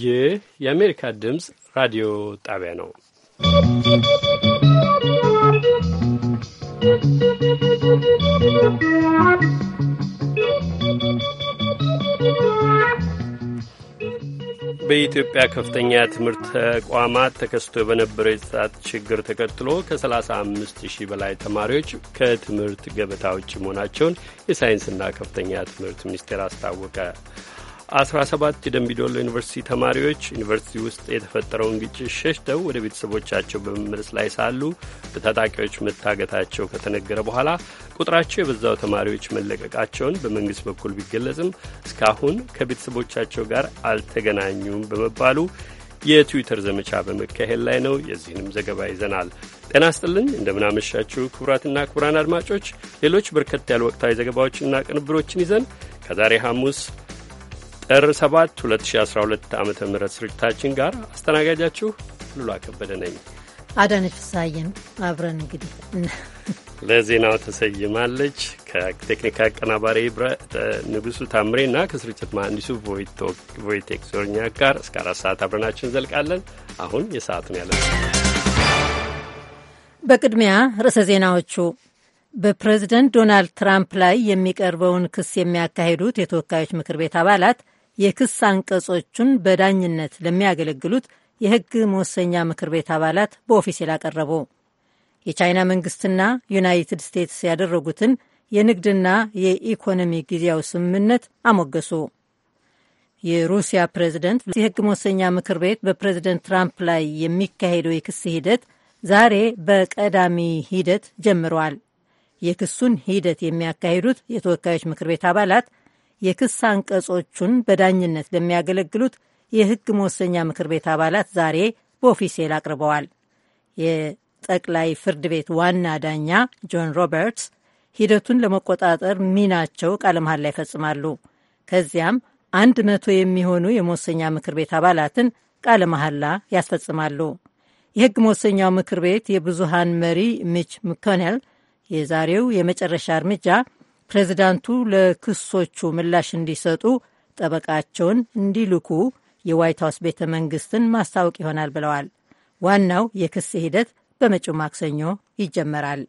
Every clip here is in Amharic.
ይህ የአሜሪካ ድምፅ ራዲዮ ጣቢያ ነው። በኢትዮጵያ ከፍተኛ ትምህርት ተቋማት ተከስቶ በነበረው የጥራት ችግር ተከትሎ ከ35 ሺህ በላይ ተማሪዎች ከትምህርት ገበታ ውጭ መሆናቸውን የሳይንስና ከፍተኛ ትምህርት ሚኒስቴር አስታወቀ። ሰባት የደንቢዶሎ ዩኒቨርሲቲ ተማሪዎች ዩኒቨርሲቲ ውስጥ የተፈጠረውን ግጭት ሸሽተው ወደ ቤተሰቦቻቸው በመመለስ ላይ ሳሉ በታጣቂዎች መታገታቸው ከተነገረ በኋላ ቁጥራቸው የበዛው ተማሪዎች መለቀቃቸውን በመንግስት በኩል ቢገለጽም እስካሁን ከቤተሰቦቻቸው ጋር አልተገናኙም በመባሉ የትዊተር ዘመቻ በመካሄድ ላይ ነው። የዚህንም ዘገባ ይዘናል። ጤና ይስጥልኝ፣ እንደምናመሻችሁ ክቡራትና ክቡራን አድማጮች ሌሎች በርከት ያሉ ወቅታዊ ዘገባዎችና ቅንብሮችን ይዘን ከዛሬ ሐሙስ ጥር 7 2012 ዓ ም ስርጭታችን ጋር አስተናጋጃችሁ ሉላ ከበደ ነኝ። አዳነች ፍሳዬም አብረን እንግዲህ ለዜናው ተሰይማለች። ከቴክኒክ አቀናባሪ ንጉሱ ታምሬና ከስርጭት መሐንዲሱ ቮይቴክ ዞርኛ ጋር እስከ አራት ሰዓት አብረናችን እንዘልቃለን። አሁን የሰዓቱን ያለ በቅድሚያ ርዕሰ ዜናዎቹ በፕሬዝደንት ዶናልድ ትራምፕ ላይ የሚቀርበውን ክስ የሚያካሂዱት የተወካዮች ምክር ቤት አባላት የክስ አንቀጾቹን በዳኝነት ለሚያገለግሉት የሕግ መወሰኛ ምክር ቤት አባላት በኦፊሴል አቀረቡ። የቻይና መንግስትና ዩናይትድ ስቴትስ ያደረጉትን የንግድና የኢኮኖሚ ጊዜያዊ ስምምነት አሞገሱ። የሩሲያ ፕሬዝደንት የሕግ መወሰኛ ምክር ቤት በፕሬዝደንት ትራምፕ ላይ የሚካሄደው የክስ ሂደት ዛሬ በቀዳሚ ሂደት ጀምረዋል። የክሱን ሂደት የሚያካሂዱት የተወካዮች ምክር ቤት አባላት የክስ አንቀጾቹን በዳኝነት ለሚያገለግሉት የሕግ መወሰኛ ምክር ቤት አባላት ዛሬ በኦፊሴል አቅርበዋል። የጠቅላይ ፍርድ ቤት ዋና ዳኛ ጆን ሮበርትስ ሂደቱን ለመቆጣጠር ሚናቸው ቃለ መሃላ ይፈጽማሉ። ከዚያም አንድ መቶ የሚሆኑ የመወሰኛ ምክር ቤት አባላትን ቃለ መሐላ ያስፈጽማሉ። የሕግ መወሰኛው ምክር ቤት የብዙሃን መሪ ሚች ምኮኔል የዛሬው የመጨረሻ እርምጃ ፕሬዚዳንቱ ለክሶቹ ምላሽ እንዲሰጡ ጠበቃቸውን እንዲልኩ የዋይት ሀውስ ቤተ መንግስትን ማስታወቅ ይሆናል ብለዋል። ዋናው የክስ ሂደት በመጪው ማክሰኞ ይጀመራል።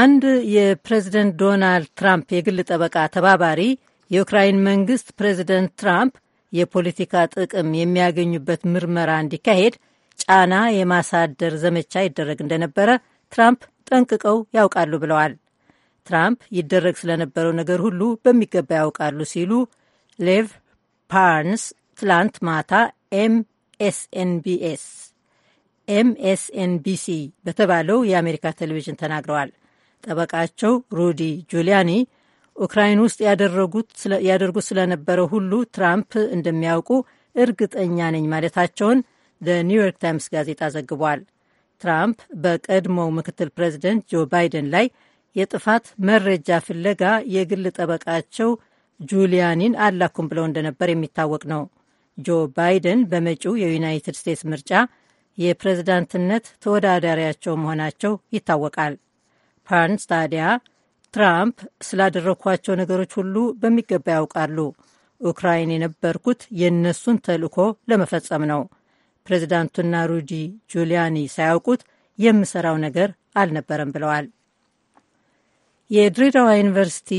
አንድ የፕሬዚደንት ዶናልድ ትራምፕ የግል ጠበቃ ተባባሪ የዩክራይን መንግስት ፕሬዚደንት ትራምፕ የፖለቲካ ጥቅም የሚያገኙበት ምርመራ እንዲካሄድ ጫና የማሳደር ዘመቻ ይደረግ እንደነበረ ትራምፕ ጠንቅቀው ያውቃሉ ብለዋል። ትራምፕ ይደረግ ስለነበረው ነገር ሁሉ በሚገባ ያውቃሉ ሲሉ ሌቭ ፓርንስ ትላንት ማታ ኤምኤስኤንቢኤስ ኤምኤስኤንቢሲ በተባለው የአሜሪካ ቴሌቪዥን ተናግረዋል። ጠበቃቸው ሩዲ ጁሊያኒ ኡክራይን ውስጥ ያደርጉት ስለነበረው ሁሉ ትራምፕ እንደሚያውቁ እርግጠኛ ነኝ ማለታቸውን ደ ኒውዮርክ ታይምስ ጋዜጣ ዘግቧል። ትራምፕ በቀድሞው ምክትል ፕሬዚደንት ጆ ባይደን ላይ የጥፋት መረጃ ፍለጋ የግል ጠበቃቸው ጁሊያኒን አላኩም ብለው እንደነበር የሚታወቅ ነው። ጆ ባይደን በመጪው የዩናይትድ ስቴትስ ምርጫ የፕሬዝዳንትነት ተወዳዳሪያቸው መሆናቸው ይታወቃል። ፓርንስ ታዲያ ትራምፕ ስላደረግኳቸው ነገሮች ሁሉ በሚገባ ያውቃሉ፣ ኡክራይን የነበርኩት የእነሱን ተልዕኮ ለመፈጸም ነው ፕሬዚዳንቱና ሩዲ ጁሊያኒ ሳያውቁት የምሰራው ነገር አልነበረም ብለዋል። የድሬዳዋ ዩኒቨርሲቲ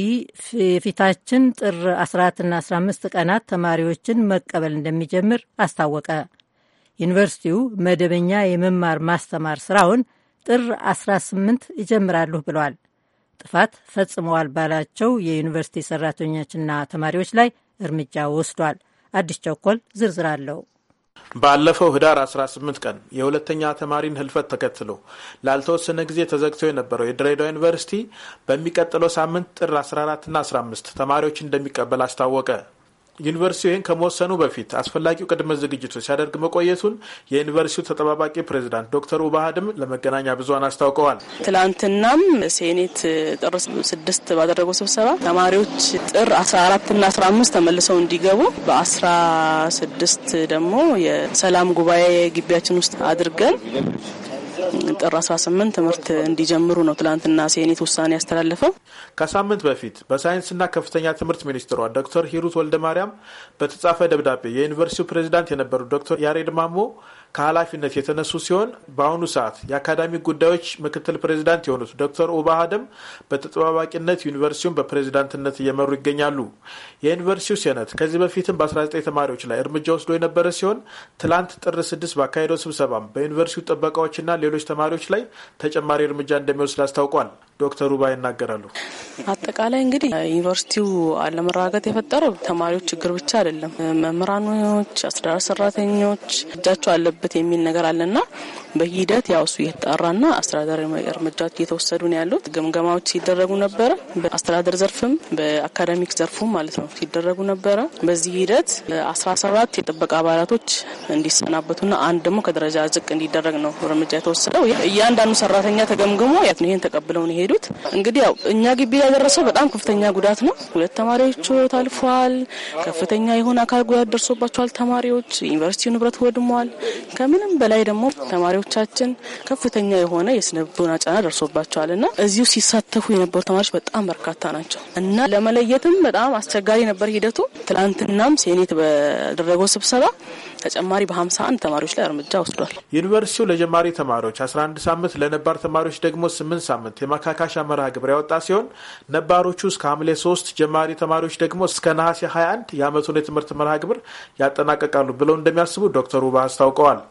የፊታችን ጥር 14ና 15 ቀናት ተማሪዎችን መቀበል እንደሚጀምር አስታወቀ። ዩኒቨርሲቲው መደበኛ የመማር ማስተማር ስራውን ጥር 18 ይጀምራሉሁ ብለዋል። ጥፋት ፈጽመዋል ባላቸው የዩኒቨርሲቲ ሰራተኞችና ተማሪዎች ላይ እርምጃ ወስዷል። አዲስ ቸኮል ዝርዝር አለው። ባለፈው ህዳር 18 ቀን የሁለተኛ ተማሪን ህልፈት ተከትሎ ላልተወሰነ ጊዜ ተዘግቶ የነበረው የድሬዳዋ ዩኒቨርሲቲ በሚቀጥለው ሳምንት ጥር 14ና 15 ተማሪዎች እንደሚቀበል አስታወቀ። ዩኒቨርሲቲው ይህን ከመወሰኑ በፊት አስፈላጊው ቅድመ ዝግጅቱ ሲያደርግ መቆየቱን የዩኒቨርሲቲው ተጠባባቂ ፕሬዚዳንት ዶክተር ኡባሃድም ለመገናኛ ብዙሀን አስታውቀዋል። ትላንትናም ሴኔት ጥር ስድስት ባደረገው ስብሰባ ተማሪዎች ጥር አስራ አራት ና አስራ አምስት ተመልሰው እንዲገቡ በአስራ ስድስት ደግሞ የሰላም ጉባኤ ግቢያችን ውስጥ አድርገን ጥር 18 ትምህርት እንዲጀምሩ ነው ትላንትና ሴኔት ውሳኔ ያስተላለፈው። ከሳምንት በፊት በሳይንስና ከፍተኛ ትምህርት ሚኒስትሯ ዶክተር ሂሩት ወልደ ማርያም በተጻፈ ደብዳቤ የዩኒቨርሲቲው ፕሬዚዳንት የነበሩት ዶክተር ያሬድ ማሞ ከኃላፊነት የተነሱ ሲሆን በአሁኑ ሰዓት የአካዳሚክ ጉዳዮች ምክትል ፕሬዚዳንት የሆኑት ዶክተር ኡባ ሀደም በተጠባባቂነት ዩኒቨርሲቲውን በፕሬዚዳንትነት እየመሩ ይገኛሉ። የዩኒቨርሲቲው ሴነት ከዚህ በፊትም በ19 ተማሪዎች ላይ እርምጃ ወስዶ የነበረ ሲሆን ትላንት ጥር ስድስት ባካሄደው ስብሰባም በዩኒቨርሲቲው ጥበቃዎችና ሌሎች ተማሪዎች ላይ ተጨማሪ እርምጃ እንደሚወስድ አስታውቋል። ዶክተር ባ ይናገራሉ። አጠቃላይ እንግዲህ ዩኒቨርሲቲው አለመረጋጋት የፈጠረው ተማሪዎች ችግር ብቻ አይደለም። መምህራኖች፣ አስተዳደር ሰራተኞች እጃቸው አለበት የሚል ነገር አለና በሂደት ያው እሱ እየተጣራና አስተዳደር እርምጃ እየተወሰዱ ነው ያሉት። ግምገማዎች ሲደረጉ ነበረ፣ በአስተዳደር ዘርፍም በአካዳሚክ ዘርፉም ማለት ነው። ሲደረጉ ነበረ። በዚህ ሂደት አስራ ሰባት የጥበቃ አባላቶች እንዲሰናበቱና አንድ ደግሞ ከደረጃ ዝቅ እንዲደረግ ነው እርምጃ የተወሰደው። እያንዳንዱ ሰራተኛ ተገምግሞ ይህን ተቀብለው ነው የሄዱት። እንግዲህ ያው እኛ ግቢ ያደረሰው በጣም ከፍተኛ ጉዳት ነው። ሁለት ተማሪዎች ሕይወት አልፏል። ከፍተኛ የሆነ አካል ጉዳት ደርሶባቸዋል ተማሪዎች። ዩኒቨርሲቲው ንብረት ወድሟል። ከምንም በላይ ደግሞ ተማሪዎቻችን ከፍተኛ የሆነ የስነ ጫና ደርሶባቸዋል እና እዚሁ ሲሳተፉ የነበሩ ተማሪዎች በጣም በርካታ ናቸው እና ለመለየትም በጣም አስቸጋሪ አስቸጋሪ ነበር ሂደቱ። ትናንትናም ሴኔት በደረገው ስብሰባ ተጨማሪ በ51 ተማሪዎች ላይ እርምጃ ወስዷል። ዩኒቨርሲቲው ለጀማሪ ተማሪዎች 11 ሳምንት ለነባር ተማሪዎች ደግሞ 8 ሳምንት የማካካሻ መርሃ ግብር ያወጣ ሲሆን ነባሮቹ እስከ ሐምሌ 3 ጀማሪ ተማሪዎች ደግሞ እስከ ነሐሴ 21 የዓመቱን የትምህርት መርሃ ግብር ያጠናቀቃሉ ብለው እንደሚያስቡ ዶክተር ውባ አስታውቀዋል።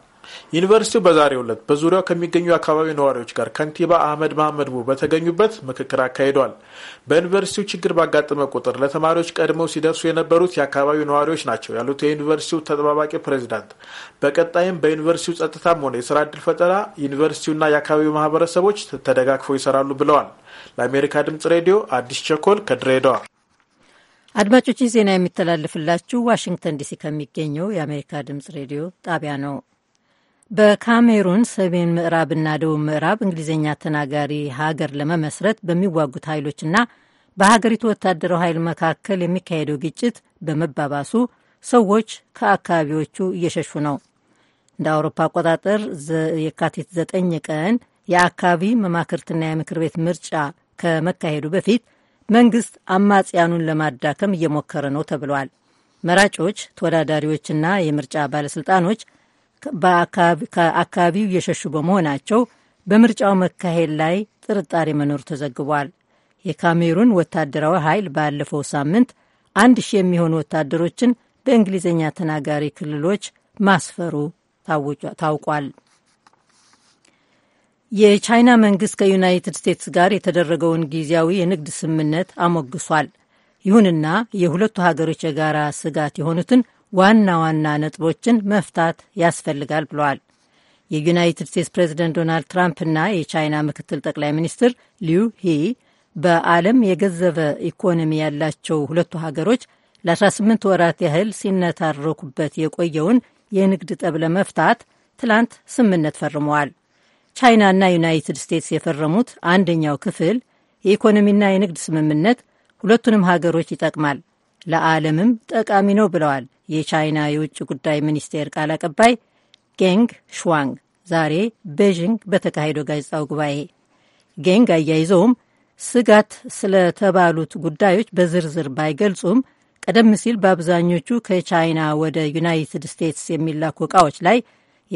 ዩኒቨርሲቲው በዛሬው ዕለት በዙሪያው ከሚገኙ አካባቢ ነዋሪዎች ጋር ከንቲባ አህመድ መሐመድ ቡ በተገኙበት ምክክር አካሂዷል። በዩኒቨርሲቲው ችግር ባጋጠመ ቁጥር ለተማሪዎች ቀድመው ሲደርሱ የነበሩት የአካባቢው ነዋሪዎች ናቸው ያሉት የዩኒቨርሲቲው ተጠባባቂ ፕሬዚዳንት፣ በቀጣይም በዩኒቨርሲቲው ጸጥታም ሆነ የስራ እድል ፈጠራ ዩኒቨርሲቲውና የአካባቢው ማህበረሰቦች ተደጋግፈው ይሰራሉ ብለዋል። ለአሜሪካ ድምጽ ሬዲዮ አዲስ ቸኮል ከድሬዳዋ። አድማጮች ዜና የሚተላለፍላችሁ ዋሽንግተን ዲሲ ከሚገኘው የአሜሪካ ድምጽ ሬዲዮ ጣቢያ ነው። በካሜሩን ሰሜን ምዕራብና ደቡብ ምዕራብ እንግሊዝኛ ተናጋሪ ሀገር ለመመስረት በሚዋጉት ኃይሎችና በሀገሪቱ ወታደራዊ ኃይል መካከል የሚካሄደው ግጭት በመባባሱ ሰዎች ከአካባቢዎቹ እየሸሹ ነው። እንደ አውሮፓ አቆጣጠር የካቲት ዘጠኝ ቀን የአካባቢ መማክርትና የምክር ቤት ምርጫ ከመካሄዱ በፊት መንግስት አማጽያኑን ለማዳከም እየሞከረ ነው ተብሏል። መራጮች፣ ተወዳዳሪዎችና የምርጫ ባለስልጣኖች ከአካባቢው እየሸሹ በመሆናቸው በምርጫው መካሄድ ላይ ጥርጣሬ መኖሩ ተዘግቧል። የካሜሩን ወታደራዊ ኃይል ባለፈው ሳምንት አንድ ሺህ የሚሆኑ ወታደሮችን በእንግሊዝኛ ተናጋሪ ክልሎች ማስፈሩ ታውቋል። የቻይና መንግስት ከዩናይትድ ስቴትስ ጋር የተደረገውን ጊዜያዊ የንግድ ስምምነት አሞግሷል። ይሁንና የሁለቱ ሀገሮች የጋራ ስጋት የሆኑትን ዋና ዋና ነጥቦችን መፍታት ያስፈልጋል ብለዋል። የዩናይትድ ስቴትስ ፕሬዚደንት ዶናልድ ትራምፕና የቻይና ምክትል ጠቅላይ ሚኒስትር ሊዩ ሂ በዓለም የገዘፈ ኢኮኖሚ ያላቸው ሁለቱ ሀገሮች ለ18 ወራት ያህል ሲነታረኩበት የቆየውን የንግድ ጠብ ለመፍታት ትላንት ስምምነት ፈርመዋል። ቻይናና ዩናይትድ ስቴትስ የፈረሙት አንደኛው ክፍል የኢኮኖሚና የንግድ ስምምነት ሁለቱንም ሀገሮች ይጠቅማል፣ ለዓለምም ጠቃሚ ነው ብለዋል የቻይና የውጭ ጉዳይ ሚኒስቴር ቃል አቀባይ ጌንግ ሽዋንግ ዛሬ ቤዥንግ በተካሄደው ጋዜጣው ጉባኤ። ጌንግ አያይዘውም ስጋት ስለተባሉት ጉዳዮች በዝርዝር ባይገልጹም ቀደም ሲል በአብዛኞቹ ከቻይና ወደ ዩናይትድ ስቴትስ የሚላኩ ዕቃዎች ላይ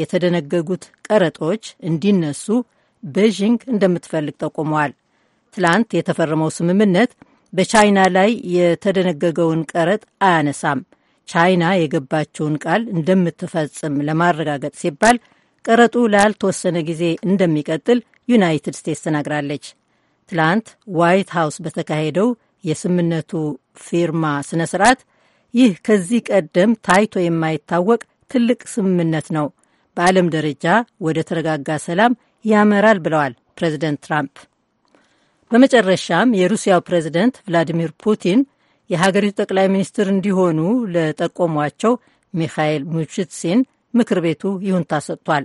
የተደነገጉት ቀረጦች እንዲነሱ ቤዥንግ እንደምትፈልግ ጠቁመዋል። ትላንት የተፈረመው ስምምነት በቻይና ላይ የተደነገገውን ቀረጥ አያነሳም፣ ቻይና የገባችውን ቃል እንደምትፈጽም ለማረጋገጥ ሲባል ቀረጡ ላልተወሰነ ጊዜ እንደሚቀጥል ዩናይትድ ስቴትስ ተናግራለች። ትላንት ዋይት ሃውስ በተካሄደው የስምነቱ ፊርማ ስነ ስርዓት ይህ ከዚህ ቀደም ታይቶ የማይታወቅ ትልቅ ስምምነት ነው፣ በዓለም ደረጃ ወደ ተረጋጋ ሰላም ያመራል ብለዋል ፕሬዚደንት ትራምፕ። በመጨረሻም የሩሲያው ፕሬዚደንት ቭላዲሚር ፑቲን የሀገሪቱ ጠቅላይ ሚኒስትር እንዲሆኑ ለጠቆሟቸው ሚካኤል ሙሽትሲን ምክር ቤቱ ይሁንታ ሰጥቷል።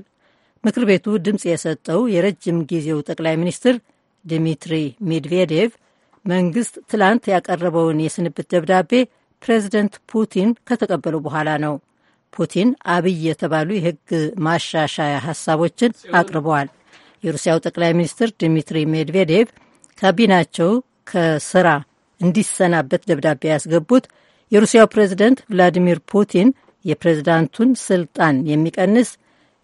ምክር ቤቱ ድምፅ የሰጠው የረጅም ጊዜው ጠቅላይ ሚኒስትር ዲሚትሪ ሜድቬዴቭ መንግስት ትላንት ያቀረበውን የስንብት ደብዳቤ ፕሬዚደንት ፑቲን ከተቀበሉ በኋላ ነው። ፑቲን አብይ የተባሉ የህግ ማሻሻያ ሀሳቦችን አቅርበዋል። የሩሲያው ጠቅላይ ሚኒስትር ዲሚትሪ ሜድቬዴቭ ካቢናቸው ከስራ እንዲሰናበት ደብዳቤ ያስገቡት የሩሲያው ፕሬዝደንት ቭላዲሚር ፑቲን የፕሬዝዳንቱን ስልጣን የሚቀንስ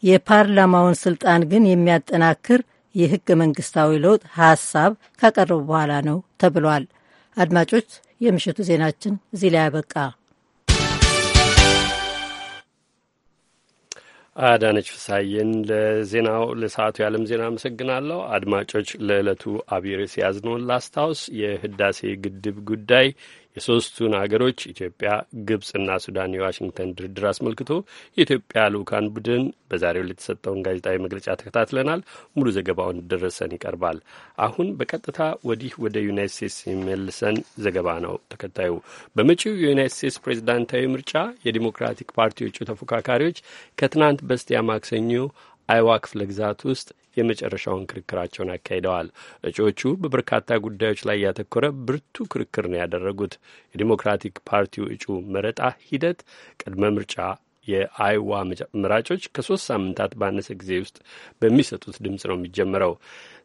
የፓርላማውን ስልጣን ግን የሚያጠናክር የህገ መንግስታዊ ለውጥ ሀሳብ ካቀረቡ በኋላ ነው ተብሏል። አድማጮች፣ የምሽቱ ዜናችን እዚህ ላይ አበቃ። አዳነች ፍሳዬን ለዜናው ለሰዓቱ የዓለም ዜና አመሰግናለሁ። አድማጮች፣ ለዕለቱ አብሬ ያዝነውን ላስታውስ። የህዳሴ ግድብ ጉዳይ የሶስቱን አገሮች ኢትዮጵያ፣ ግብጽና ሱዳን የዋሽንግተን ድርድር አስመልክቶ የኢትዮጵያ ልዑካን ቡድን በዛሬው ለተሰጠውን ጋዜጣዊ መግለጫ ተከታትለናል። ሙሉ ዘገባውን ደረሰን ይቀርባል። አሁን በቀጥታ ወዲህ ወደ ዩናይት ስቴትስ የሚመልሰን ዘገባ ነው ተከታዩ። በመጪው የዩናይት ስቴትስ ፕሬዚዳንታዊ ምርጫ የዲሞክራቲክ ፓርቲ ተፎካካሪዎች ከትናንት በስቲያ ማክሰኞ አይዋ ክፍለ ግዛት ውስጥ የመጨረሻውን ክርክራቸውን አካሂደዋል። እጩዎቹ በበርካታ ጉዳዮች ላይ ያተኮረ ብርቱ ክርክር ነው ያደረጉት። የዲሞክራቲክ ፓርቲው እጩ መረጣ ሂደት ቅድመ ምርጫ የአይዋ መራጮች ከሶስት ሳምንታት ባነሰ ጊዜ ውስጥ በሚሰጡት ድምፅ ነው የሚጀምረው።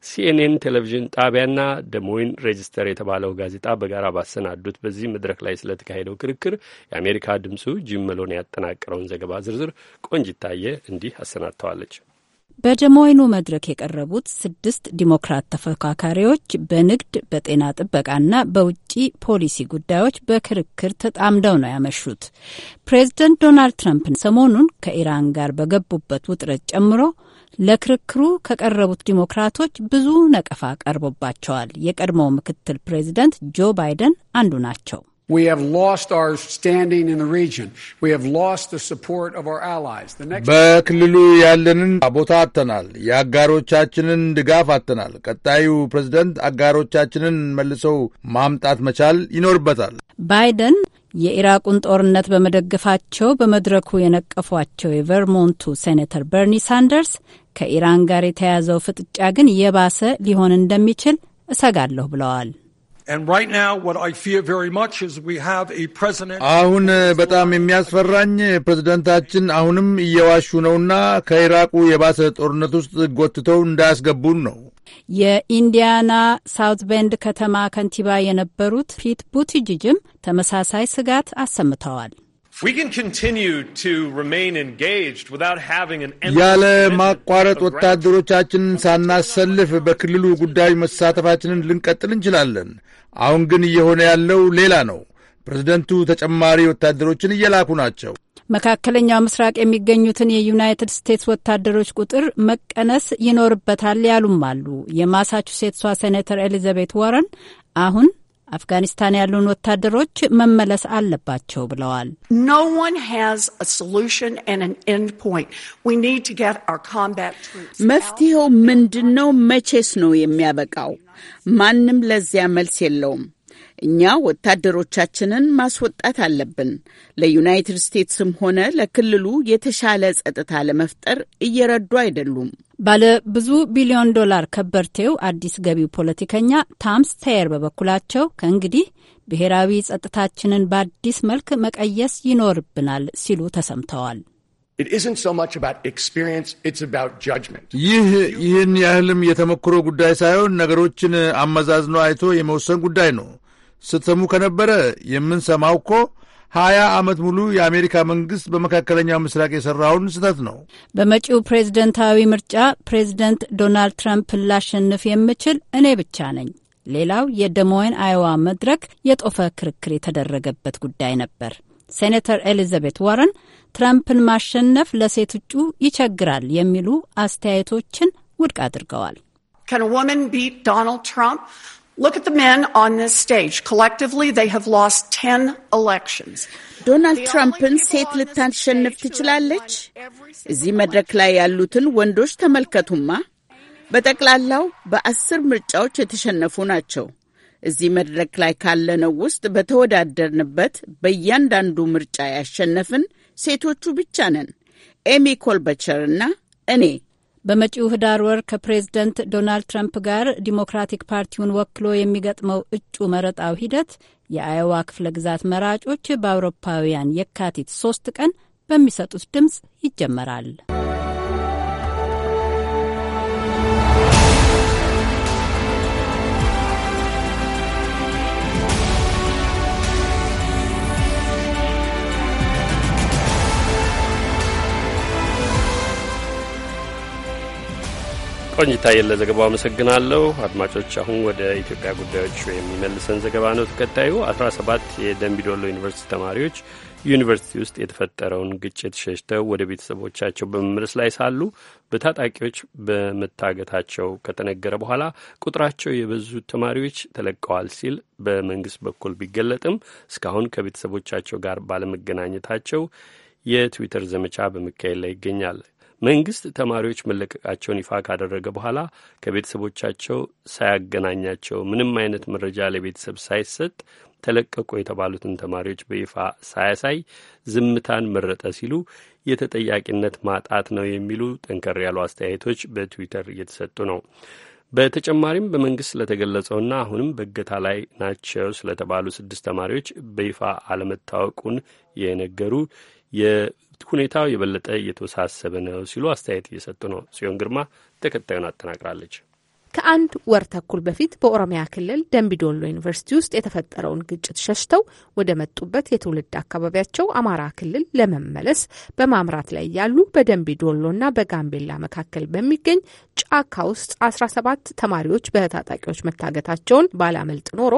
ሲኤንኤን ቴሌቪዥን ጣቢያና ደሞይን ሬጅስተር የተባለው ጋዜጣ በጋራ ባሰናዱት በዚህ መድረክ ላይ ስለተካሄደው ክርክር የአሜሪካ ድምፁ ጂም መሎን ያጠናቀረውን ዘገባ ዝርዝር ቆንጅታየ እንዲህ አሰናድተዋለች። በጀሞይኑ መድረክ የቀረቡት ስድስት ዲሞክራት ተፎካካሪዎች በንግድ፣ በጤና ጥበቃና በውጭ ፖሊሲ ጉዳዮች በክርክር ተጣምደው ነው ያመሹት። ፕሬዝደንት ዶናልድ ትራምፕ ሰሞኑን ከኢራን ጋር በገቡበት ውጥረት ጨምሮ ለክርክሩ ከቀረቡት ዲሞክራቶች ብዙ ነቀፋ ቀርቦባቸዋል። የቀድሞው ምክትል ፕሬዝደንት ጆ ባይደን አንዱ ናቸው። We have lost our standing in the region. We have lost the support of our allies. The next በክልሉ ያለንን ቦታ አጥተናል። የአጋሮቻችንን ድጋፍ አጥተናል። ቀጣዩ ፕሬዝደንት አጋሮቻችንን መልሰው ማምጣት መቻል ይኖርበታል። ባይደን የኢራቁን ጦርነት በመደገፋቸው በመድረኩ የነቀፏቸው የቨርሞንቱ ሴኔተር በርኒ ሳንደርስ ከኢራን ጋር የተያዘው ፍጥጫ ግን የባሰ ሊሆን እንደሚችል እሰጋለሁ ብለዋል። አሁን በጣም የሚያስፈራኝ ፕሬዝደንታችን አሁንም እየዋሹ ነውና ከኢራቁ የባሰ ጦርነት ውስጥ ጎትተው እንዳያስገቡን ነው። የኢንዲያና ሳውት ቤንድ ከተማ ከንቲባ የነበሩት ፒት ቡቲጅጅም ተመሳሳይ ስጋት አሰምተዋል። ያለ ማቋረጥ ወታደሮቻችንን ሳናሰልፍ በክልሉ ጉዳዮች መሳተፋችንን ልንቀጥል እንችላለን። አሁን ግን እየሆነ ያለው ሌላ ነው። ፕሬዝደንቱ ተጨማሪ ወታደሮችን እየላኩ ናቸው። መካከለኛው ምስራቅ የሚገኙትን የዩናይትድ ስቴትስ ወታደሮች ቁጥር መቀነስ ይኖርበታል ያሉም አሉ። የማሳቹሴትሷ ሴኔተር ኤሊዛቤት ዋረን አሁን አፍጋኒስታን ያሉን ወታደሮች መመለስ አለባቸው ብለዋል። መፍትሄው ምንድን ነው? መቼስ ነው የሚያበቃው? ማንም ለዚያ መልስ የለውም። እኛ ወታደሮቻችንን ማስወጣት አለብን። ለዩናይትድ ስቴትስም ሆነ ለክልሉ የተሻለ ጸጥታ ለመፍጠር እየረዱ አይደሉም። ባለ ብዙ ቢሊዮን ዶላር ከበርቴው አዲስ ገቢው ፖለቲከኛ ታምስ ታየር በበኩላቸው ከእንግዲህ ብሔራዊ ጸጥታችንን በአዲስ መልክ መቀየስ ይኖርብናል ሲሉ ተሰምተዋል። ይህ ይህን ያህልም የተሞክሮ ጉዳይ ሳይሆን ነገሮችን አመዛዝኖ አይቶ የመወሰን ጉዳይ ነው። ስትሰሙ ከነበረ የምንሰማው እኮ ሀያ ዓመት ሙሉ የአሜሪካ መንግስት በመካከለኛው ምስራቅ የሰራውን ስህተት ነው። በመጪው ፕሬዝደንታዊ ምርጫ ፕሬዝደንት ዶናልድ ትራምፕን ላሸንፍ የምችል እኔ ብቻ ነኝ። ሌላው የደሞይን አይዋ መድረክ የጦፈ ክርክር የተደረገበት ጉዳይ ነበር። ሴኔተር ኤሊዛቤት ዋረን ትራምፕን ማሸነፍ ለሴት እጩ ይቸግራል የሚሉ አስተያየቶችን ውድቅ አድርገዋል። Look at the men on this stage. Collectively, they have lost 10 elections. ዶናልድ ትራምፕን ሴት ልታሸንፍ ትችላለች? እዚህ መድረክ ላይ ያሉትን ወንዶች ተመልከቱማ። በጠቅላላው በአስር ምርጫዎች የተሸነፉ ናቸው። እዚህ መድረክ ላይ ካለነው ውስጥ በተወዳደርንበት በእያንዳንዱ ምርጫ ያሸነፍን ሴቶቹ ብቻ ነን፣ ኤሚ ኮልበቸር እና እኔ። በመጪው ህዳር ወር ከፕሬዝደንት ዶናልድ ትራምፕ ጋር ዲሞክራቲክ ፓርቲውን ወክሎ የሚገጥመው እጩ መረጣው ሂደት የአዮዋ ክፍለ ግዛት መራጮች በአውሮፓውያን የካቲት ሶስት ቀን በሚሰጡት ድምፅ ይጀመራል። የለ ዘገባው አመሰግናለሁ። አድማጮች፣ አሁን ወደ ኢትዮጵያ ጉዳዮች የሚመልሰን ዘገባ ነው ተከታዩ። አስራ ሰባት የደንቢዶሎ ዩኒቨርሲቲ ተማሪዎች ዩኒቨርሲቲ ውስጥ የተፈጠረውን ግጭት ሸሽተው ወደ ቤተሰቦቻቸው በመመለስ ላይ ሳሉ በታጣቂዎች በመታገታቸው ከተነገረ በኋላ ቁጥራቸው የበዙ ተማሪዎች ተለቀዋል ሲል በመንግስት በኩል ቢገለጥም እስካሁን ከቤተሰቦቻቸው ጋር ባለመገናኘታቸው የትዊተር ዘመቻ በመካሄድ ላይ ይገኛል። መንግስት ተማሪዎች መለቀቃቸውን ይፋ ካደረገ በኋላ ከቤተሰቦቻቸው ሳያገናኛቸው ምንም አይነት መረጃ ለቤተሰብ ሳይሰጥ ተለቀቁ የተባሉትን ተማሪዎች በይፋ ሳያሳይ ዝምታን መረጠ ሲሉ የተጠያቂነት ማጣት ነው የሚሉ ጠንከር ያሉ አስተያየቶች በትዊተር እየተሰጡ ነው። በተጨማሪም በመንግስት ስለተገለጸውና አሁንም በእገታ ላይ ናቸው ስለተባሉ ስድስት ተማሪዎች በይፋ አለመታወቁን የነገሩ ሁኔታው የበለጠ እየተወሳሰበ ነው ሲሉ አስተያየት እየሰጡ ነው። ጽዮን ግርማ ተከታዩን አጠናቅራለች። ከአንድ ወር ተኩል በፊት በኦሮሚያ ክልል ደንቢዶሎ ዩኒቨርሲቲ ውስጥ የተፈጠረውን ግጭት ሸሽተው ወደ መጡበት የትውልድ አካባቢያቸው አማራ ክልል ለመመለስ በማምራት ላይ ያሉ በደንቢዶሎና በጋምቤላ መካከል በሚገኝ ጫካ ውስጥ 17 ተማሪዎች በታጣቂዎች መታገታቸውን ባላመልጥ ኖሮ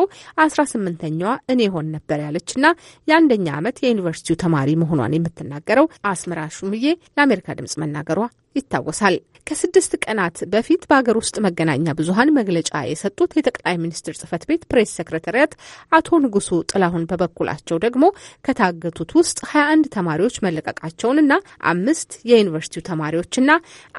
18ኛዋ እኔ ሆን ነበር ያለችና የአንደኛ ዓመት የዩኒቨርሲቲው ተማሪ መሆኗን የምትናገረው አስመራ ሹምዬ ለአሜሪካ ድምጽ መናገሯ ይታወሳል። ከስድስት ቀናት በፊት በሀገር ውስጥ መገናኛ ብዙኃን መግለጫ የሰጡት የጠቅላይ ሚኒስትር ጽህፈት ቤት ፕሬስ ሰክረታሪያት አቶ ንጉሱ ጥላሁን በበኩላቸው ደግሞ ከታገቱት ውስጥ ሀያ አንድ ተማሪዎች መለቀቃቸውንና አምስት የዩኒቨርሲቲው ተማሪዎችና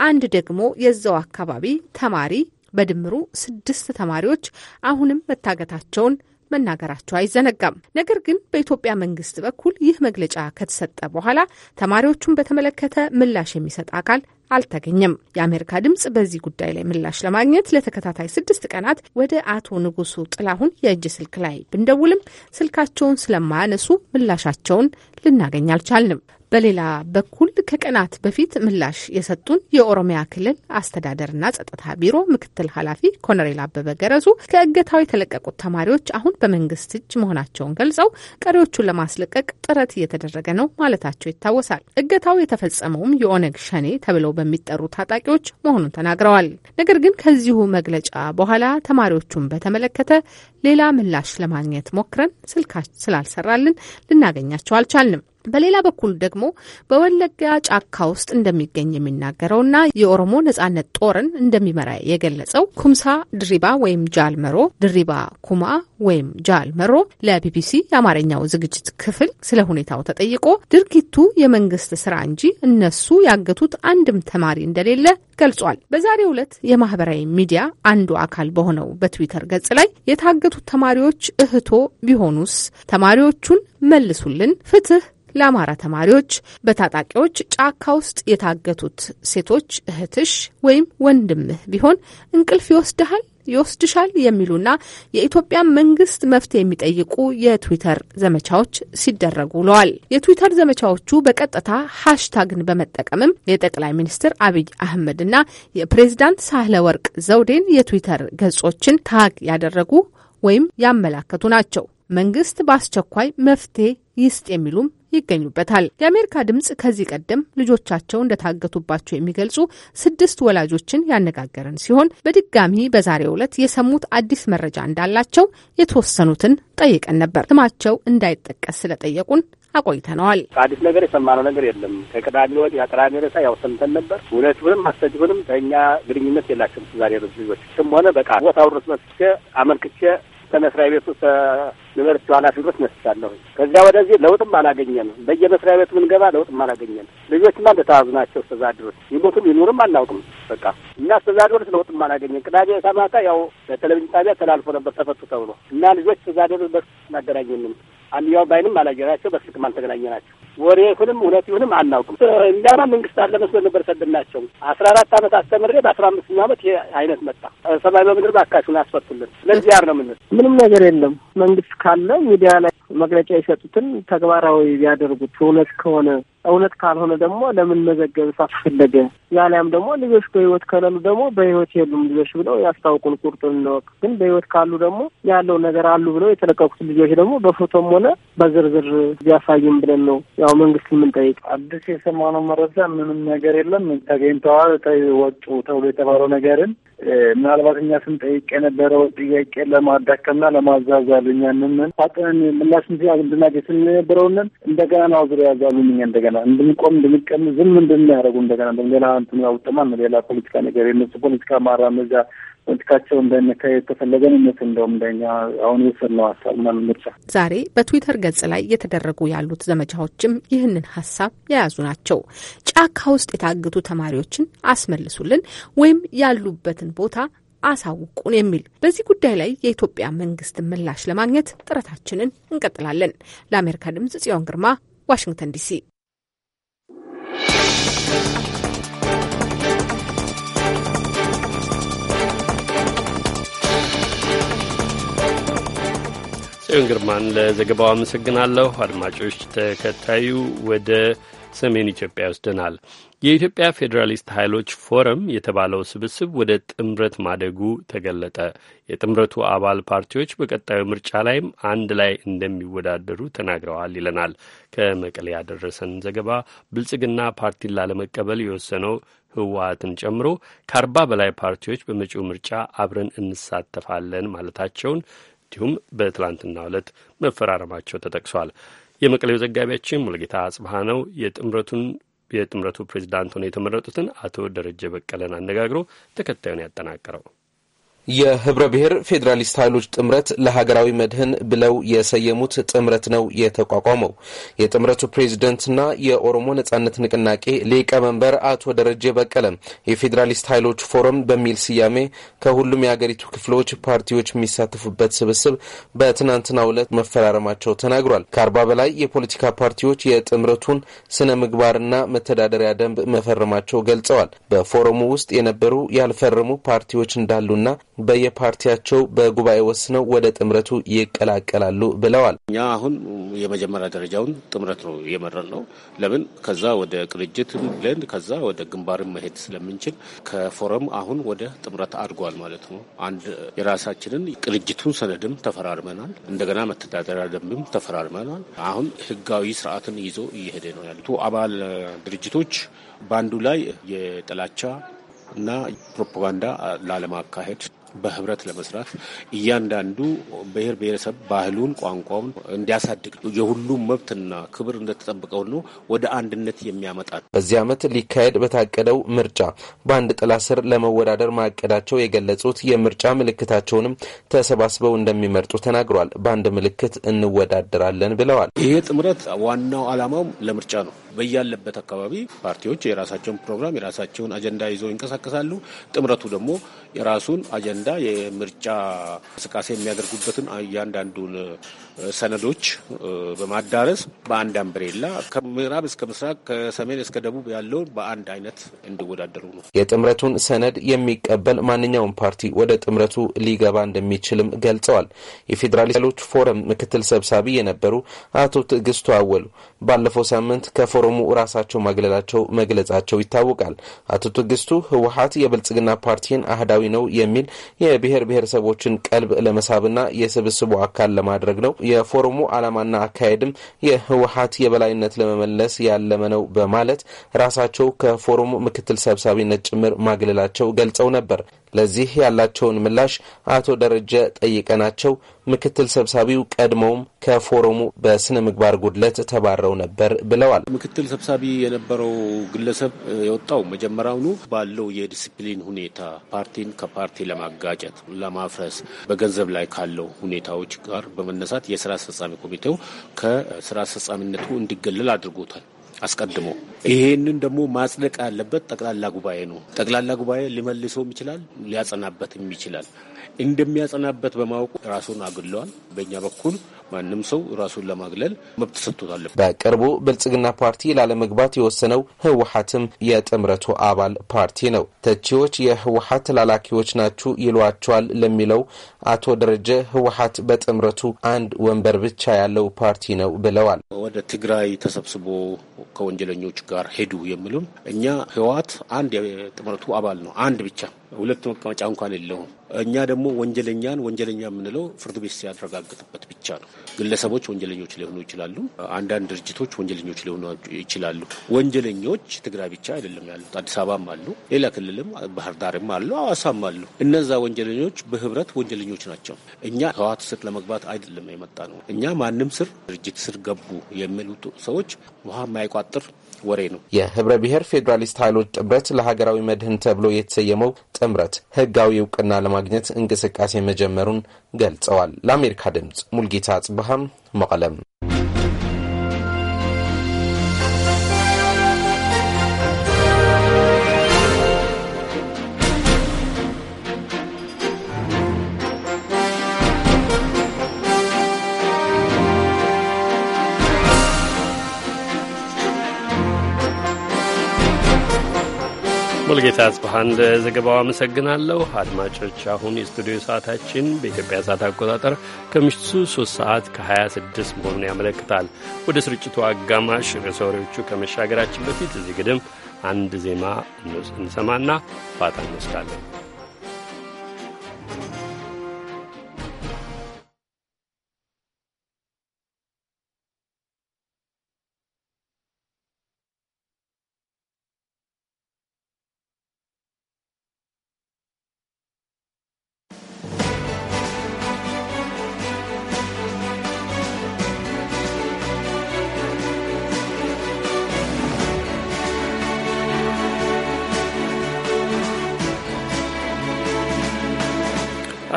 አንድ ደግሞ የዛው አካባቢ ተማሪ በድምሩ ስድስት ተማሪዎች አሁንም መታገታቸውን መናገራቸው አይዘነጋም። ነገር ግን በኢትዮጵያ መንግስት በኩል ይህ መግለጫ ከተሰጠ በኋላ ተማሪዎቹን በተመለከተ ምላሽ የሚሰጥ አካል አልተገኘም። የአሜሪካ ድምጽ በዚህ ጉዳይ ላይ ምላሽ ለማግኘት ለተከታታይ ስድስት ቀናት ወደ አቶ ንጉሱ ጥላሁን የእጅ ስልክ ላይ ብንደውልም ስልካቸውን ስለማያነሱ ምላሻቸውን ልናገኝ አልቻልንም። በሌላ በኩል ከቀናት በፊት ምላሽ የሰጡን የኦሮሚያ ክልል አስተዳደርና ጸጥታ ቢሮ ምክትል ኃላፊ ኮነሬል አበበ ገረሱ ከእገታው የተለቀቁት ተማሪዎች አሁን በመንግስት እጅ መሆናቸውን ገልጸው ቀሪዎቹን ለማስለቀቅ ጥረት እየተደረገ ነው ማለታቸው ይታወሳል። እገታው የተፈጸመውም የኦነግ ሸኔ ተብለው በሚጠሩ ታጣቂዎች መሆኑን ተናግረዋል። ነገር ግን ከዚሁ መግለጫ በኋላ ተማሪዎቹን በተመለከተ ሌላ ምላሽ ለማግኘት ሞክረን ስልካችን ስላልሰራልን ልናገኛቸው አልቻልንም። በሌላ በኩል ደግሞ በወለጋ ጫካ ውስጥ እንደሚገኝ የሚናገረውና የኦሮሞ ነጻነት ጦርን እንደሚመራ የገለጸው ኩምሳ ድሪባ ወይም ጃልመሮ ድሪባ ኩማ ወይም ጃልመሮ ለቢቢሲ የአማርኛው ዝግጅት ክፍል ስለ ሁኔታው ተጠይቆ ድርጊቱ የመንግስት ስራ እንጂ እነሱ ያገቱት አንድም ተማሪ እንደሌለ ገልጿል። በዛሬው ዕለት የማህበራዊ ሚዲያ አንዱ አካል በሆነው በትዊተር ገጽ ላይ የታገቱት ተማሪዎች እህቶ ቢሆኑስ? ተማሪዎቹን መልሱልን፣ ፍትህ ለአማራ ተማሪዎች በታጣቂዎች ጫካ ውስጥ የታገቱት ሴቶች እህትሽ ወይም ወንድምህ ቢሆን እንቅልፍ ይወስድሃል ይወስድሻል የሚሉና የኢትዮጵያ መንግስት መፍትሄ የሚጠይቁ የትዊተር ዘመቻዎች ሲደረጉ ውለዋል። የትዊተር ዘመቻዎቹ በቀጥታ ሀሽታግን በመጠቀምም የጠቅላይ ሚኒስትር አብይ አህመድና የፕሬዝዳንት ሳህለ ወርቅ ዘውዴን የትዊተር ገጾችን ታግ ያደረጉ ወይም ያመላከቱ ናቸው። መንግስት በአስቸኳይ መፍትሄ ይስጥ የሚሉም ይገኙበታል። የአሜሪካ ድምጽ ከዚህ ቀደም ልጆቻቸው እንደታገቱባቸው የሚገልጹ ስድስት ወላጆችን ያነጋገርን ሲሆን በድጋሚ በዛሬው ዕለት የሰሙት አዲስ መረጃ እንዳላቸው የተወሰኑትን ጠይቀን ነበር። ስማቸው እንዳይጠቀስ ስለጠየቁን አቆይተነዋል። አዲስ ነገር የሰማነው ነገር የለም። ከቅዳሜ ወዲያ ቅዳሜ ረሳ ያው ሰምተን ነበር። እውነቱንም አሰጅብንም ከእኛ ግንኙነት የላቸውም። ዛሬ ልጆች ስም ሆነ በቃ ቦታው ድረስ መስቼ አመልክቼ ከመስሪያ ቤቱ ዩኒቨርሲቲ ኃላፊ ድረስ መስቻለሁ። ከዚያ ወደዚህ ለውጥም አላገኘንም። በየመስሪያ ቤቱ ምንገባ ለውጥም አላገኘንም። ልጆችማ እንደተያዙ ናቸው። እስተዛድሮች ይሞቱም ይኑርም አናውቅም። በቃ እና እስተዛድሮች ለውጥም አላገኘን። ቅዳሜ ሰማታ ያው በቴሌቪዥን ጣቢያ ተላልፎ ነበር ተፈቱ ተብሎ እና ልጆች እስተዛድሮች በስ አገናኘንም አንድያው ባይንም አላየናቸው፣ በስልክም አልተገናኘ ናቸው። ወሬ ይሁንም እውነት ይሁንም አናውቅም። እኛማ መንግስት አለ መስሎ ነበር ሰድናቸው። አስራ አራት አመት አስተምሬ በአስራ አምስተኛው አመት ይሄ አይነት መጣ። ሰማይ በምድር ባካችሁን አስፈቱልን። ስለዚህ ያር ነው ምንል ምንም ነገር የለም። መንግስት ካለ ሚዲያ ላይ መግለጫ የሰጡትን ተግባራዊ ቢያደርጉት እውነት ከሆነ እውነት ካልሆነ ደግሞ ለምን መዘገብ ሳስፈለገ ያሊያም ደግሞ ልጆች በህይወት ከሌሉ ደግሞ በህይወት የሉም ልጆች ብለው ያስታውቁን፣ ቁርጡን እንወቅ። ግን በህይወት ካሉ ደግሞ ያለው ነገር አሉ ብለው የተለቀቁት ልጆች ደግሞ በፎቶም ሆነ በዝርዝር ቢያሳዩም ብለን ነው ያው መንግስት የምንጠይቅ። አዲስ የሰማነው መረጃ ምንም ነገር የለም ተገኝተዋል ወጡ ተብሎ የተባለው ነገርን ምናልባት እኛ ስንጠይቅ የነበረው ጥያቄ ለማዳከምና ለማዛዛል እኛንን አጥነን ምላሽ እንድናገኝ ስንነበረውንን እንደገና ነው አዙሪያ ያዛሉ እኛ እንደገና እንድንቆም እንድንቀም ዝም እንድናያደረጉ እንደገና ሌላ እንትን ያውጥማል ሌላ ፖለቲካ ነገር የነሱ ፖለቲካ ማራመጃ ፖለቲካቸው እንዳይነካሄድ የተፈለገ ምነት እንደውም እንደኛ አሁን የወሰድነው ሀሳብ ምናምን ምርጫ ዛሬ በትዊተር ገጽ ላይ የተደረጉ ያሉት ዘመቻዎችም ይህንን ሀሳብ የያዙ ናቸው። ጫካ ውስጥ የታገቱ ተማሪዎችን አስመልሱልን ወይም ያሉበትን ቦታ አሳውቁን የሚል በዚህ ጉዳይ ላይ የኢትዮጵያ መንግስት ምላሽ ለማግኘት ጥረታችንን እንቀጥላለን። ለአሜሪካ ድምጽ ጽዮን ግርማ ዋሽንግተን ዲሲ። ጽዮን ግርማን ለዘገባው አመሰግናለሁ። አድማጮች፣ ተከታዩ ወደ ሰሜን ኢትዮጵያ ይወስደናል። የኢትዮጵያ ፌዴራሊስት ኃይሎች ፎረም የተባለው ስብስብ ወደ ጥምረት ማደጉ ተገለጠ። የጥምረቱ አባል ፓርቲዎች በቀጣዩ ምርጫ ላይም አንድ ላይ እንደሚወዳደሩ ተናግረዋል ይለናል ከመቀሌ ያደረሰን ዘገባ። ብልጽግና ፓርቲን ላለመቀበል የወሰነው ህወሓትን ጨምሮ ከአርባ በላይ ፓርቲዎች በመጪው ምርጫ አብረን እንሳተፋለን ማለታቸውን እንዲሁም በትላንትና ዕለት መፈራረማቸው ተጠቅሷል። የመቀሌው ዘጋቢያችን ሙልጌታ አጽብሃ ነው የጥምረቱን የጥምረቱ ፕሬዚዳንት ሆነው የተመረጡትን አቶ ደረጀ በቀለን አነጋግሮ ተከታዩን ያጠናቀረው። የህብረ ብሔር ፌዴራሊስት ኃይሎች ጥምረት ለሀገራዊ መድህን ብለው የሰየሙት ጥምረት ነው የተቋቋመው። የጥምረቱ ፕሬዚደንትና የኦሮሞ ነጻነት ንቅናቄ ሊቀመንበር አቶ ደረጀ በቀለ የፌዴራሊስት ኃይሎች ፎረም በሚል ስያሜ ከሁሉም የአገሪቱ ክፍሎች ፓርቲዎች የሚሳተፉበት ስብስብ በትናንትናው ዕለት መፈራረማቸው ተናግሯል። ከአርባ በላይ የፖለቲካ ፓርቲዎች የጥምረቱን ስነ ምግባርና መተዳደሪያ ደንብ መፈረማቸው ገልጸዋል። በፎረሙ ውስጥ የነበሩ ያልፈረሙ ፓርቲዎች እንዳሉና በየፓርቲያቸው በጉባኤ ወስነው ወደ ጥምረቱ ይቀላቀላሉ ብለዋል። እኛ አሁን የመጀመሪያ ደረጃውን ጥምረት ነው የመረጥ ነው። ለምን ከዛ ወደ ቅንጅት ብለን ከዛ ወደ ግንባርን መሄድ ስለምንችል ከፎረም አሁን ወደ ጥምረት አድጓል ማለት ነው። አንድ የራሳችንን ቅንጅቱን ሰነድም ተፈራርመናል። እንደገና መተዳደሪያ ደንብም ተፈራርመናል። አሁን ህጋዊ ስርዓትን ይዞ እየሄደ ነው ያሉት አባል ድርጅቶች በአንዱ ላይ የጥላቻ እና ፕሮፓጋንዳ ላለማካሄድ በህብረት ለመስራት እያንዳንዱ ብሔር ብሔረሰብ ባህሉን፣ ቋንቋውን እንዲያሳድግ የሁሉም መብትና ክብር እንደተጠበቀ ነው ወደ አንድነት የሚያመጣ በዚህ ዓመት ሊካሄድ በታቀደው ምርጫ በአንድ ጥላ ስር ለመወዳደር ማቀዳቸው የገለጹት የምርጫ ምልክታቸውንም ተሰባስበው እንደሚመርጡ ተናግሯል። በአንድ ምልክት እንወዳደራለን ብለዋል። ይሄ ጥምረት ዋናው ዓላማው ለምርጫ ነው። በያለበት አካባቢ ፓርቲዎች የራሳቸውን ፕሮግራም የራሳቸውን አጀንዳ ይዘው ይንቀሳቀሳሉ። ጥምረቱ ደግሞ የራሱን አጀንዳ አጀንዳ የምርጫ እንቅስቃሴ የሚያደርጉበትን እያንዳንዱን ሰነዶች በማዳረስ በአንድ አምብሬላ ከምዕራብ እስከ ምስራቅ ከሰሜን እስከ ደቡብ ያለውን በአንድ አይነት እንዲወዳደሩ ነው። የጥምረቱን ሰነድ የሚቀበል ማንኛውም ፓርቲ ወደ ጥምረቱ ሊገባ እንደሚችልም ገልጸዋል። የፌዴራሎች ፎረም ምክትል ሰብሳቢ የነበሩ አቶ ትዕግስቱ አወሉ ባለፈው ሳምንት ከፎረሙ ራሳቸው ማግለላቸው መግለጻቸው ይታወቃል። አቶ ትዕግስቱ ህወሀት የብልጽግና ፓርቲን አህዳዊ ነው የሚል የብሔር ብሔረሰቦችን ቀልብ ለመሳብና የስብስቡ አካል ለማድረግ ነው የፎረሙ ዓላማና አካሄድም የህወሀት የበላይነት ለመመለስ ያለመ ነው በማለት ራሳቸው ከፎረሙ ምክትል ሰብሳቢነት ጭምር ማግለላቸው ገልጸው ነበር። ለዚህ ያላቸውን ምላሽ አቶ ደረጀ ጠይቀናቸው ምክትል ሰብሳቢው ቀድሞውም ከፎረሙ በስነ ምግባር ጉድለት ተባረው ነበር ብለዋል። ምክትል ሰብሳቢ የነበረው ግለሰብ የወጣው መጀመሪያውኑ ባለው የዲስፕሊን ሁኔታ ፓርቲን ከፓርቲ ለማጋጨት፣ ለማፍረስ በገንዘብ ላይ ካለው ሁኔታዎች ጋር በመነሳት የስራ አስፈጻሚ ኮሚቴው ከስራ አስፈጻሚነቱ እንዲገለል አድርጎታል። አስቀድሞ ይሄንን ደግሞ ማጽደቅ ያለበት ጠቅላላ ጉባኤ ነው። ጠቅላላ ጉባኤ ሊመልሰውም ይችላል፣ ሊያጸናበትም ይችላል። እንደሚያጸናበት በማወቁ ራሱን አግለዋል። በእኛ በኩል ማንም ሰው ራሱን ለማግለል መብት ሰጥቶታል። በቅርቡ ብልጽግና ፓርቲ ላለመግባት የወሰነው ህወሀትም የጥምረቱ አባል ፓርቲ ነው። ተቺዎች የህወሀት ተላላኪዎች ናችሁ ይሏቸዋል ለሚለው አቶ ደረጀ ህወሀት በጥምረቱ አንድ ወንበር ብቻ ያለው ፓርቲ ነው ብለዋል። ወደ ትግራይ ተሰብስቦ ከወንጀለኞች ጋር ሄዱ የሚሉም እኛ ህወሀት አንድ የጥምረቱ አባል ነው አንድ ብቻ ሁለት መቀመጫ እንኳን የለውም። እኛ ደግሞ ወንጀለኛን ወንጀለኛ የምንለው ፍርድ ቤት ሲያረጋግጥበት ብቻ ነው። ግለሰቦች ወንጀለኞች ሊሆኑ ይችላሉ። አንዳንድ ድርጅቶች ወንጀለኞች ሊሆኑ ይችላሉ። ወንጀለኞች ትግራይ ብቻ አይደለም ያሉት፣ አዲስ አበባም አሉ፣ ሌላ ክልልም ባህር ዳርም አሉ፣ አዋሳም አሉ። እነዛ ወንጀለኞች በህብረት ወንጀለኞች ናቸው። እኛ ህወሓት ስር ለመግባት አይደለም የመጣ ነው። እኛ ማንም ስር ድርጅት ስር ገቡ የሚሉት ሰዎች ውሃ የማይቋጥር ወሬ ነው። የህብረ ብሔር ፌዴራሊስት ኃይሎች ጥምረት ለሀገራዊ መድህን ተብሎ የተሰየመው ጥምረት ህጋዊ እውቅና ለማግኘት እንቅስቃሴ መጀመሩን ገልጸዋል። ለአሜሪካ ድምፅ ሙልጌታ አጽብሃም መቀለም ሙልጌታ አጽብሃን ለዘገባው አመሰግናለሁ። አድማጮች አሁን የስቱዲዮ ሰዓታችን በኢትዮጵያ ሰዓት አቆጣጠር ከምሽቱ 3 ሰዓት ከ26 መሆኑን ያመለክታል። ወደ ስርጭቱ አጋማሽ ርዕሰ ከመሻገራችን በፊት እዚህ ግድም አንድ ዜማ እንሰማና ፋታ እንወስዳለን።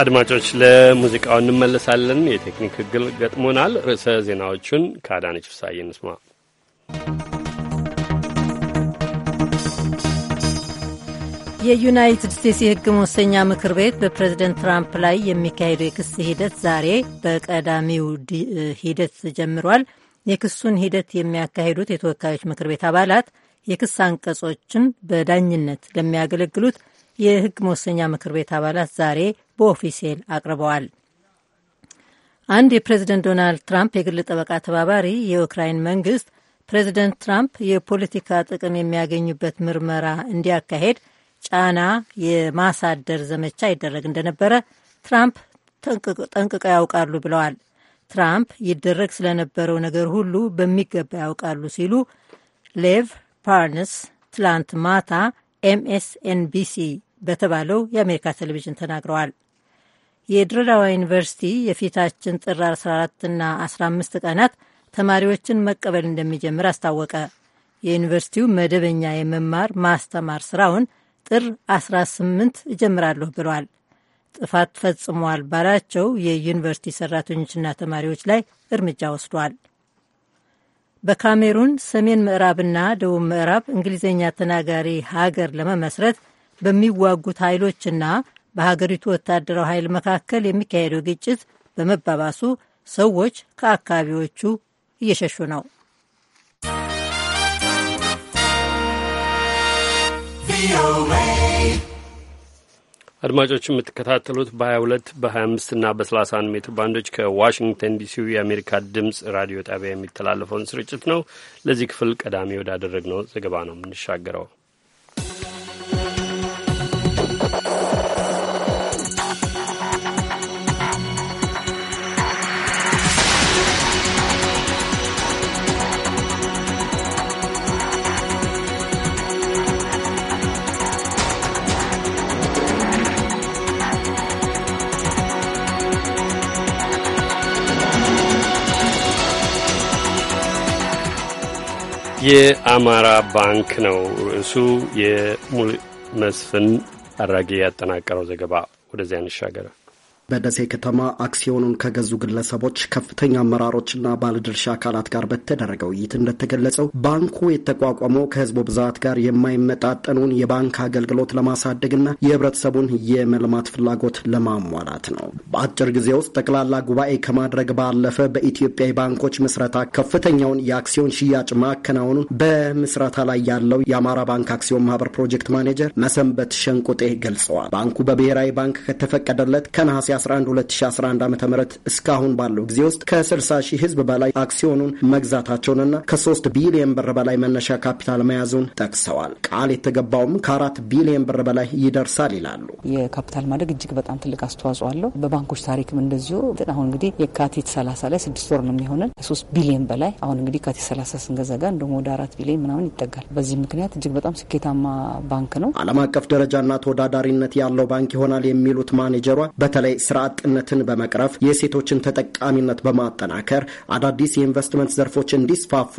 አድማጮች ለሙዚቃው እንመለሳለን። የቴክኒክ ህግል ገጥሞናል። ርዕሰ ዜናዎቹን ከአዳነች ፍሳዬ እንስማ። የዩናይትድ ስቴትስ የሕግ መወሰኛ ምክር ቤት በፕሬዝደንት ትራምፕ ላይ የሚካሄደው የክስ ሂደት ዛሬ በቀዳሚው ሂደት ጀምሯል። የክሱን ሂደት የሚያካሂዱት የተወካዮች ምክር ቤት አባላት የክስ አንቀጾችን በዳኝነት ለሚያገለግሉት የሕግ መወሰኛ ምክር ቤት አባላት ዛሬ በኦፊሴል አቅርበዋል። አንድ የፕሬዝደንት ዶናልድ ትራምፕ የግል ጠበቃ ተባባሪ የዩክራይን መንግስት ፕሬዝደንት ትራምፕ የፖለቲካ ጥቅም የሚያገኙበት ምርመራ እንዲያካሄድ ጫና የማሳደር ዘመቻ ይደረግ እንደነበረ ትራምፕ ጠንቅቀው ያውቃሉ ብለዋል። ትራምፕ ይደረግ ስለነበረው ነገር ሁሉ በሚገባ ያውቃሉ ሲሉ ሌቭ ፓርነስ ትላንት ማታ ኤምኤስኤንቢሲ በተባለው የአሜሪካ ቴሌቪዥን ተናግረዋል። የድሬዳዋ ዩኒቨርሲቲ የፊታችን ጥር 14ና 15 ቀናት ተማሪዎችን መቀበል እንደሚጀምር አስታወቀ። የዩኒቨርሲቲው መደበኛ የመማር ማስተማር ስራውን ጥር 18 እጀምራለሁ ብሏል። ጥፋት ፈጽሟል ባላቸው የዩኒቨርሲቲ ሰራተኞችና ተማሪዎች ላይ እርምጃ ወስዷል። በካሜሩን ሰሜን ምዕራብና ደቡብ ምዕራብ እንግሊዝኛ ተናጋሪ ሀገር ለመመስረት በሚዋጉት ኃይሎችና በሀገሪቱ ወታደራዊ ኃይል መካከል የሚካሄደው ግጭት በመባባሱ ሰዎች ከአካባቢዎቹ እየሸሹ ነው። አድማጮች የምትከታተሉት በ22 በ25 እና በ31 ሜትር ባንዶች ከዋሽንግተን ዲሲው የአሜሪካ ድምፅ ራዲዮ ጣቢያ የሚተላለፈውን ስርጭት ነው። ለዚህ ክፍል ቀዳሚ ወዳደረግነው ዘገባ ነው የምንሻገረው። የአማራ ባንክ ነው ርዕሱ። የሙሉ መስፍን አራጌ ያጠናቀረው ዘገባ ወደዚያ እንሻገር። በደሴ ከተማ አክሲዮኑን ከገዙ ግለሰቦች ከፍተኛ አመራሮችና ባለድርሻ አካላት ጋር በተደረገ ውይይት እንደተገለጸው ባንኩ የተቋቋመው ከህዝቡ ብዛት ጋር የማይመጣጠኑን የባንክ አገልግሎት ለማሳደግና የህብረተሰቡን የመልማት ፍላጎት ለማሟላት ነው። በአጭር ጊዜ ውስጥ ጠቅላላ ጉባኤ ከማድረግ ባለፈ በኢትዮጵያ የባንኮች ምስረታ ከፍተኛውን የአክሲዮን ሽያጭ ማከናወኑን በምስረታ ላይ ያለው የአማራ ባንክ አክሲዮን ማህበር ፕሮጀክት ማኔጀር መሰንበት ሸንቁጤ ገልጸዋል። ባንኩ በብሔራዊ ባንክ ከተፈቀደለት ከነሐሴ 11 2011 ዓ ም እስካሁን ባለው ጊዜ ውስጥ ከ60 ሺህ ህዝብ በላይ አክሲዮኑን መግዛታቸውንና ከሶስት ቢሊየን ብር በላይ መነሻ ካፒታል መያዙን ጠቅሰዋል። ቃል የተገባውም ከ ከ4 ቢሊየን ብር በላይ ይደርሳል ይላሉ። የካፒታል ማደግ እጅግ በጣም ትልቅ አስተዋጽኦ አለው። በባንኮች ታሪክም እንደዚሁ አሁን እንግዲህ የካቲት 30 ላይ ስድስት ወር ነው ከ3 ቢሊየን በላይ አሁን እንግዲህ የካቲት 30 ስንገዛ ጋር እንደውም ወደ አራት ቢሊየን ምናምን ይጠጋል። በዚህ ምክንያት እጅግ በጣም ስኬታማ ባንክ ነው። ዓለም አቀፍ ደረጃና ተወዳዳሪነት ያለው ባንክ ይሆናል የሚሉት ማኔጀሯ በተለይ ስራ አጥነትን በመቅረፍ የሴቶችን ተጠቃሚነት በማጠናከር አዳዲስ የኢንቨስትመንት ዘርፎች እንዲስፋፉ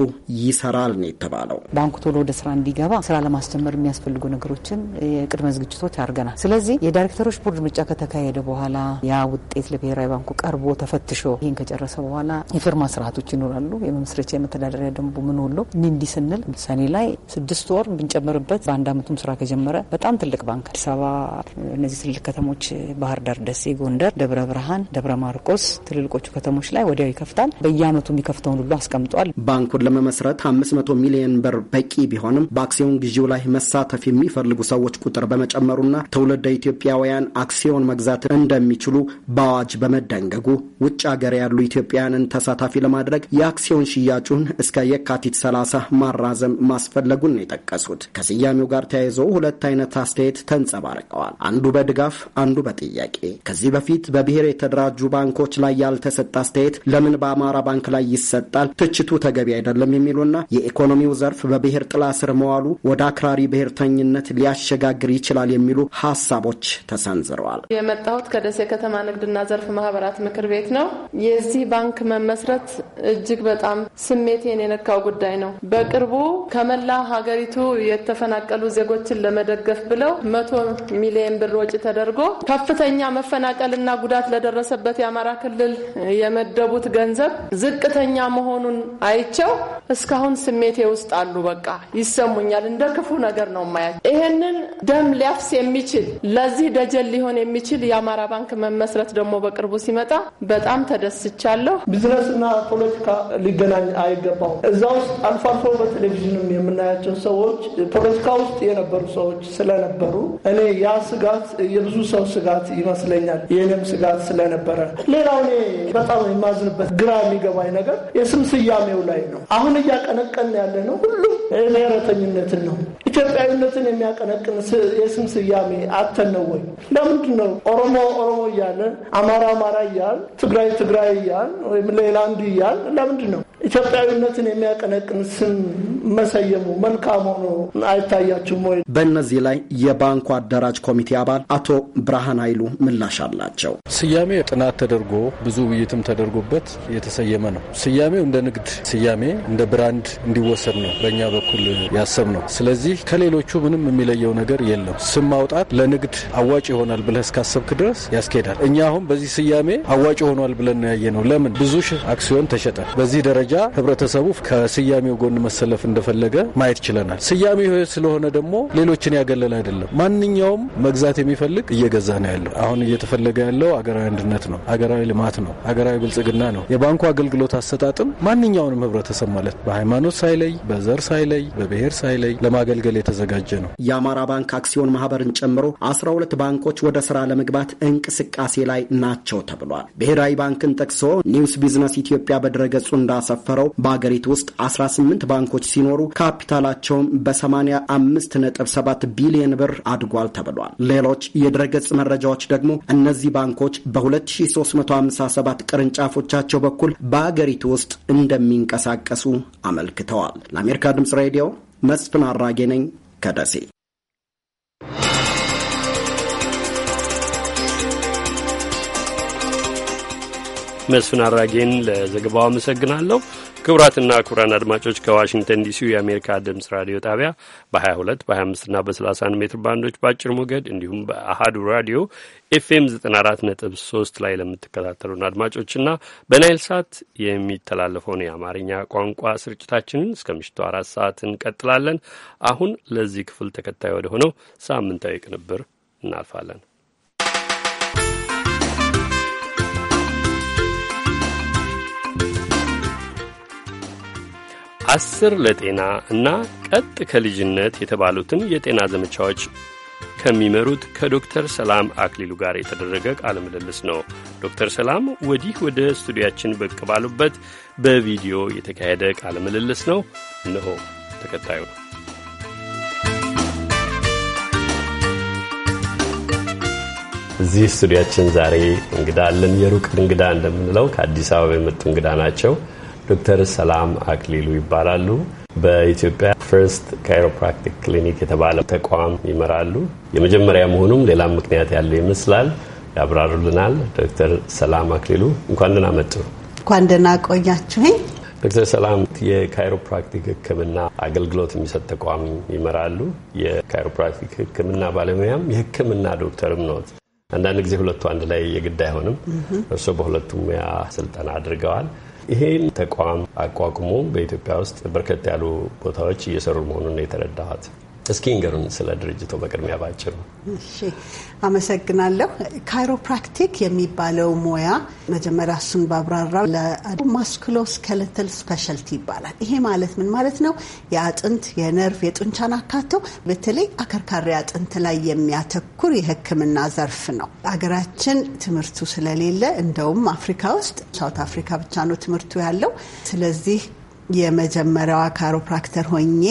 ይሰራል ነው የተባለው። ባንኩ ቶሎ ወደ ስራ እንዲገባ ስራ ለማስጀመር የሚያስፈልጉ ነገሮችን የቅድመ ዝግጅቶች አድርገናል። ስለዚህ የዳይሬክተሮች ቦርድ ምርጫ ከተካሄደ በኋላ ያ ውጤት ለብሔራዊ ባንኩ ቀርቦ ተፈትሾ ይህን ከጨረሰ በኋላ የፊርማ ስርዓቶች ይኖራሉ። የመመስረቻ የመተዳደሪያ ደንቡ ምን ሁሉ እንዲ ስንል ሰኔ ላይ ስድስት ወር ብንጨምርበት በአንድ አመቱም ስራ ከጀመረ በጣም ትልቅ ባንክ አዲስ አበባ፣ እነዚህ ትልቅ ከተሞች ባህር ዳር፣ ደሴ፣ ጎንደር ጎንደር፣ ደብረ ብርሃን፣ ደብረ ማርቆስ ትልልቆቹ ከተሞች ላይ ወዲያው ይከፍታል። በየአመቱ የሚከፍተውን ሁሉ አስቀምጧል። ባንኩን ለመመስረት 500 ሚሊዮን ብር በቂ ቢሆንም በአክሲዮን ግዢው ላይ መሳተፍ የሚፈልጉ ሰዎች ቁጥር በመጨመሩና ትውልደ ኢትዮጵያውያን አክሲዮን መግዛት እንደሚችሉ በአዋጅ በመደንገጉ ውጭ ሀገር ያሉ ኢትዮጵያውያንን ተሳታፊ ለማድረግ የአክሲዮን ሽያጩን እስከ የካቲት 30 ማራዘም ማስፈለጉን ነው የጠቀሱት። ከስያሜው ጋር ተያይዘው ሁለት አይነት አስተያየት ተንጸባርቀዋል። አንዱ በድጋፍ አንዱ በጥያቄ ከዚህ በፊት በፊት በብሔር የተደራጁ ባንኮች ላይ ያልተሰጠ አስተያየት ለምን በአማራ ባንክ ላይ ይሰጣል? ትችቱ ተገቢ አይደለም የሚሉና የኢኮኖሚው ዘርፍ በብሔር ጥላ ስር መዋሉ ወደ አክራሪ ብሔርተኝነት ሊያሸጋግር ይችላል የሚሉ ሀሳቦች ተሰንዝረዋል። የመጣሁት ከደሴ ከተማ ንግድና ዘርፍ ማህበራት ምክር ቤት ነው። የዚህ ባንክ መመስረት እጅግ በጣም ስሜቴን የነካው ጉዳይ ነው። በቅርቡ ከመላ ሀገሪቱ የተፈናቀሉ ዜጎችን ለመደገፍ ብለው መቶ ሚሊዮን ብር ወጪ ተደርጎ ከፍተኛ መፈናቀል መፈናቀልና ጉዳት ለደረሰበት የአማራ ክልል የመደቡት ገንዘብ ዝቅተኛ መሆኑን አይቸው እስካሁን ስሜቴ ውስጥ አሉ። በቃ ይሰሙኛል። እንደ ክፉ ነገር ነው ማያቸው። ይህንን ደም ሊያፍስ የሚችል ለዚህ ደጀል ሊሆን የሚችል የአማራ ባንክ መመስረት ደግሞ በቅርቡ ሲመጣ በጣም ተደስቻለሁ። ቢዝነስና ፖለቲካ ሊገናኝ አይገባው። እዛ ውስጥ አልፎ አልፎ በቴሌቪዥንም የምናያቸው ሰዎች ፖለቲካ ውስጥ የነበሩ ሰዎች ስለነበሩ እኔ ያ ስጋት የብዙ ሰው ስጋት ይመስለኛል። የኔም ስጋት ስለነበረ፣ ሌላው እኔ በጣም የማዝንበት ግራ የሚገባኝ ነገር የስም ስያሜው ላይ ነው። አሁን እያቀነቀን ያለ ነው ሁሉም ብሔረተኝነትን ነው። ኢትዮጵያዊነትን የሚያቀነቅን የስም ስያሜ አተን ነው ወይ? ለምንድን ነው ኦሮሞ ኦሮሞ እያለ አማራ አማራ እያል ትግራይ ትግራይ እያል ወይም ሌላንድ እያል ለምንድን ነው ኢትዮጵያዊነትን የሚያቀነቅን ስም መሰየሙ መልካም ሆኖ አይታያችሁም ወይ? በእነዚህ ላይ የባንኩ አደራጅ ኮሚቴ አባል አቶ ብርሃን ኃይሉ ምላሽ አላቸው። ስያሜ ጥናት ተደርጎ ብዙ ውይይትም ተደርጎበት የተሰየመ ነው። ስያሜው እንደ ንግድ ስያሜ እንደ ብራንድ እንዲወሰድ ነው በእኛ በኩል ያሰብ ነው። ስለዚህ ከሌሎቹ ምንም የሚለየው ነገር የለም። ስም ማውጣት ለንግድ አዋጭ ይሆናል ብለህ እስካሰብክ ድረስ ያስኬዳል። እኛ አሁን በዚህ ስያሜ አዋጭ ይሆኗል ብለን ያየ ነው። ለምን ብዙ ሺህ አክሲዮን ተሸጠ። በዚህ ደረጃ ደረጃ ህብረተሰቡ ከስያሜው ጎን መሰለፍ እንደፈለገ ማየት ችለናል። ስያሜው ስለሆነ ደግሞ ሌሎችን ያገለል አይደለም። ማንኛውም መግዛት የሚፈልግ እየገዛ ነው ያለው። አሁን እየተፈለገ ያለው አገራዊ አንድነት ነው፣ አገራዊ ልማት ነው፣ አገራዊ ብልጽግና ነው። የባንኩ አገልግሎት አሰጣጥም ማንኛውንም ህብረተሰብ ማለት በሃይማኖት ሳይለይ፣ በዘር ሳይለይ፣ በብሔር ሳይለይ ለማገልገል የተዘጋጀ ነው። የአማራ ባንክ አክሲዮን ማህበርን ጨምሮ 12 ባንኮች ወደ ስራ ለመግባት እንቅስቃሴ ላይ ናቸው ተብሏል። ብሔራዊ ባንክን ጠቅሶ ኒውስ ቢዝነስ ኢትዮጵያ በድረገጹ እንዳሰፈ ያሰፈረው በአገሪቱ ውስጥ 18 ባንኮች ሲኖሩ ካፒታላቸውም በ85.7 ቢሊዮን ብር አድጓል ተብሏል። ሌሎች የድረገጽ መረጃዎች ደግሞ እነዚህ ባንኮች በ2357 ቅርንጫፎቻቸው በኩል በአገሪቱ ውስጥ እንደሚንቀሳቀሱ አመልክተዋል። ለአሜሪካ ድምጽ ሬዲዮ መስፍን አራጌ ነኝ ከደሴ። መስፍን አራጌን ለዘገባው አመሰግናለሁ። ክቡራትና ክቡራን አድማጮች ከዋሽንግተን ዲሲ የአሜሪካ ድምፅ ራዲዮ ጣቢያ በ22 በ25ና በ31 ሜትር ባንዶች በአጭር ሞገድ እንዲሁም በአሃዱ ራዲዮ ኤፍኤም 94.3 ላይ ለምትከታተሉን አድማጮችና በናይል ሳት የሚተላለፈውን የአማርኛ ቋንቋ ስርጭታችንን እስከ ምሽቱ አራት ሰዓት እንቀጥላለን። አሁን ለዚህ ክፍል ተከታይ ወደ ሆነው ሳምንታዊ ቅንብር እናልፋለን። አስር ለጤና እና ቀጥ ከልጅነት የተባሉትን የጤና ዘመቻዎች ከሚመሩት ከዶክተር ሰላም አክሊሉ ጋር የተደረገ ቃለ ምልልስ ነው። ዶክተር ሰላም ወዲህ ወደ ስቱዲያችን ብቅ ባሉበት በቪዲዮ የተካሄደ ቃለ ምልልስ ነው። እነሆ ተከታዩ ነው። እዚህ ስቱዲያችን ዛሬ እንግዳ አለን። የሩቅ እንግዳ እንደምንለው ከአዲስ አበባ የመጡ እንግዳ ናቸው። ዶክተር ሰላም አክሊሉ ይባላሉ። በኢትዮጵያ ፈርስት ካይሮፕራክቲክ ክሊኒክ የተባለ ተቋም ይመራሉ። የመጀመሪያ መሆኑም ሌላም ምክንያት ያለው ይመስላል። ያብራሩልናል። ዶክተር ሰላም አክሊሉ እንኳን ደህና መጡ። እንኳን ደህና ቆያችሁኝ። ዶክተር ሰላም የካይሮፕራክቲክ ሕክምና አገልግሎት የሚሰጥ ተቋም ይመራሉ። የካይሮፕራክቲክ ሕክምና ባለሙያም የሕክምና ዶክተርም ነዎት። አንዳንድ ጊዜ ሁለቱ አንድ ላይ የግድ አይሆንም። እርስዎ በሁለቱም ሙያ ስልጠና አድርገዋል። ይሄን ተቋም አቋቁሞ በኢትዮጵያ ውስጥ በርከት ያሉ ቦታዎች እየሰሩ መሆኑን የተረዳኋት እስኪ ንገሩን ስለ ድርጅቱ በቅድሚያ ባጭሩ። እሺ፣ አመሰግናለሁ። ካይሮፕራክቲክ የሚባለው ሙያ መጀመሪያ እሱን ባብራራ ማስኩሎስኬለተል ስፔሻልቲ ይባላል። ይሄ ማለት ምን ማለት ነው? የአጥንት የነርቭ፣ የጡንቻን አካተው በተለይ አከርካሪ አጥንት ላይ የሚያተኩር የሕክምና ዘርፍ ነው። አገራችን ትምህርቱ ስለሌለ እንደውም አፍሪካ ውስጥ ሳውት አፍሪካ ብቻ ነው ትምህርቱ ያለው። ስለዚህ የመጀመሪያዋ ካሮፕራክተር ሆኜ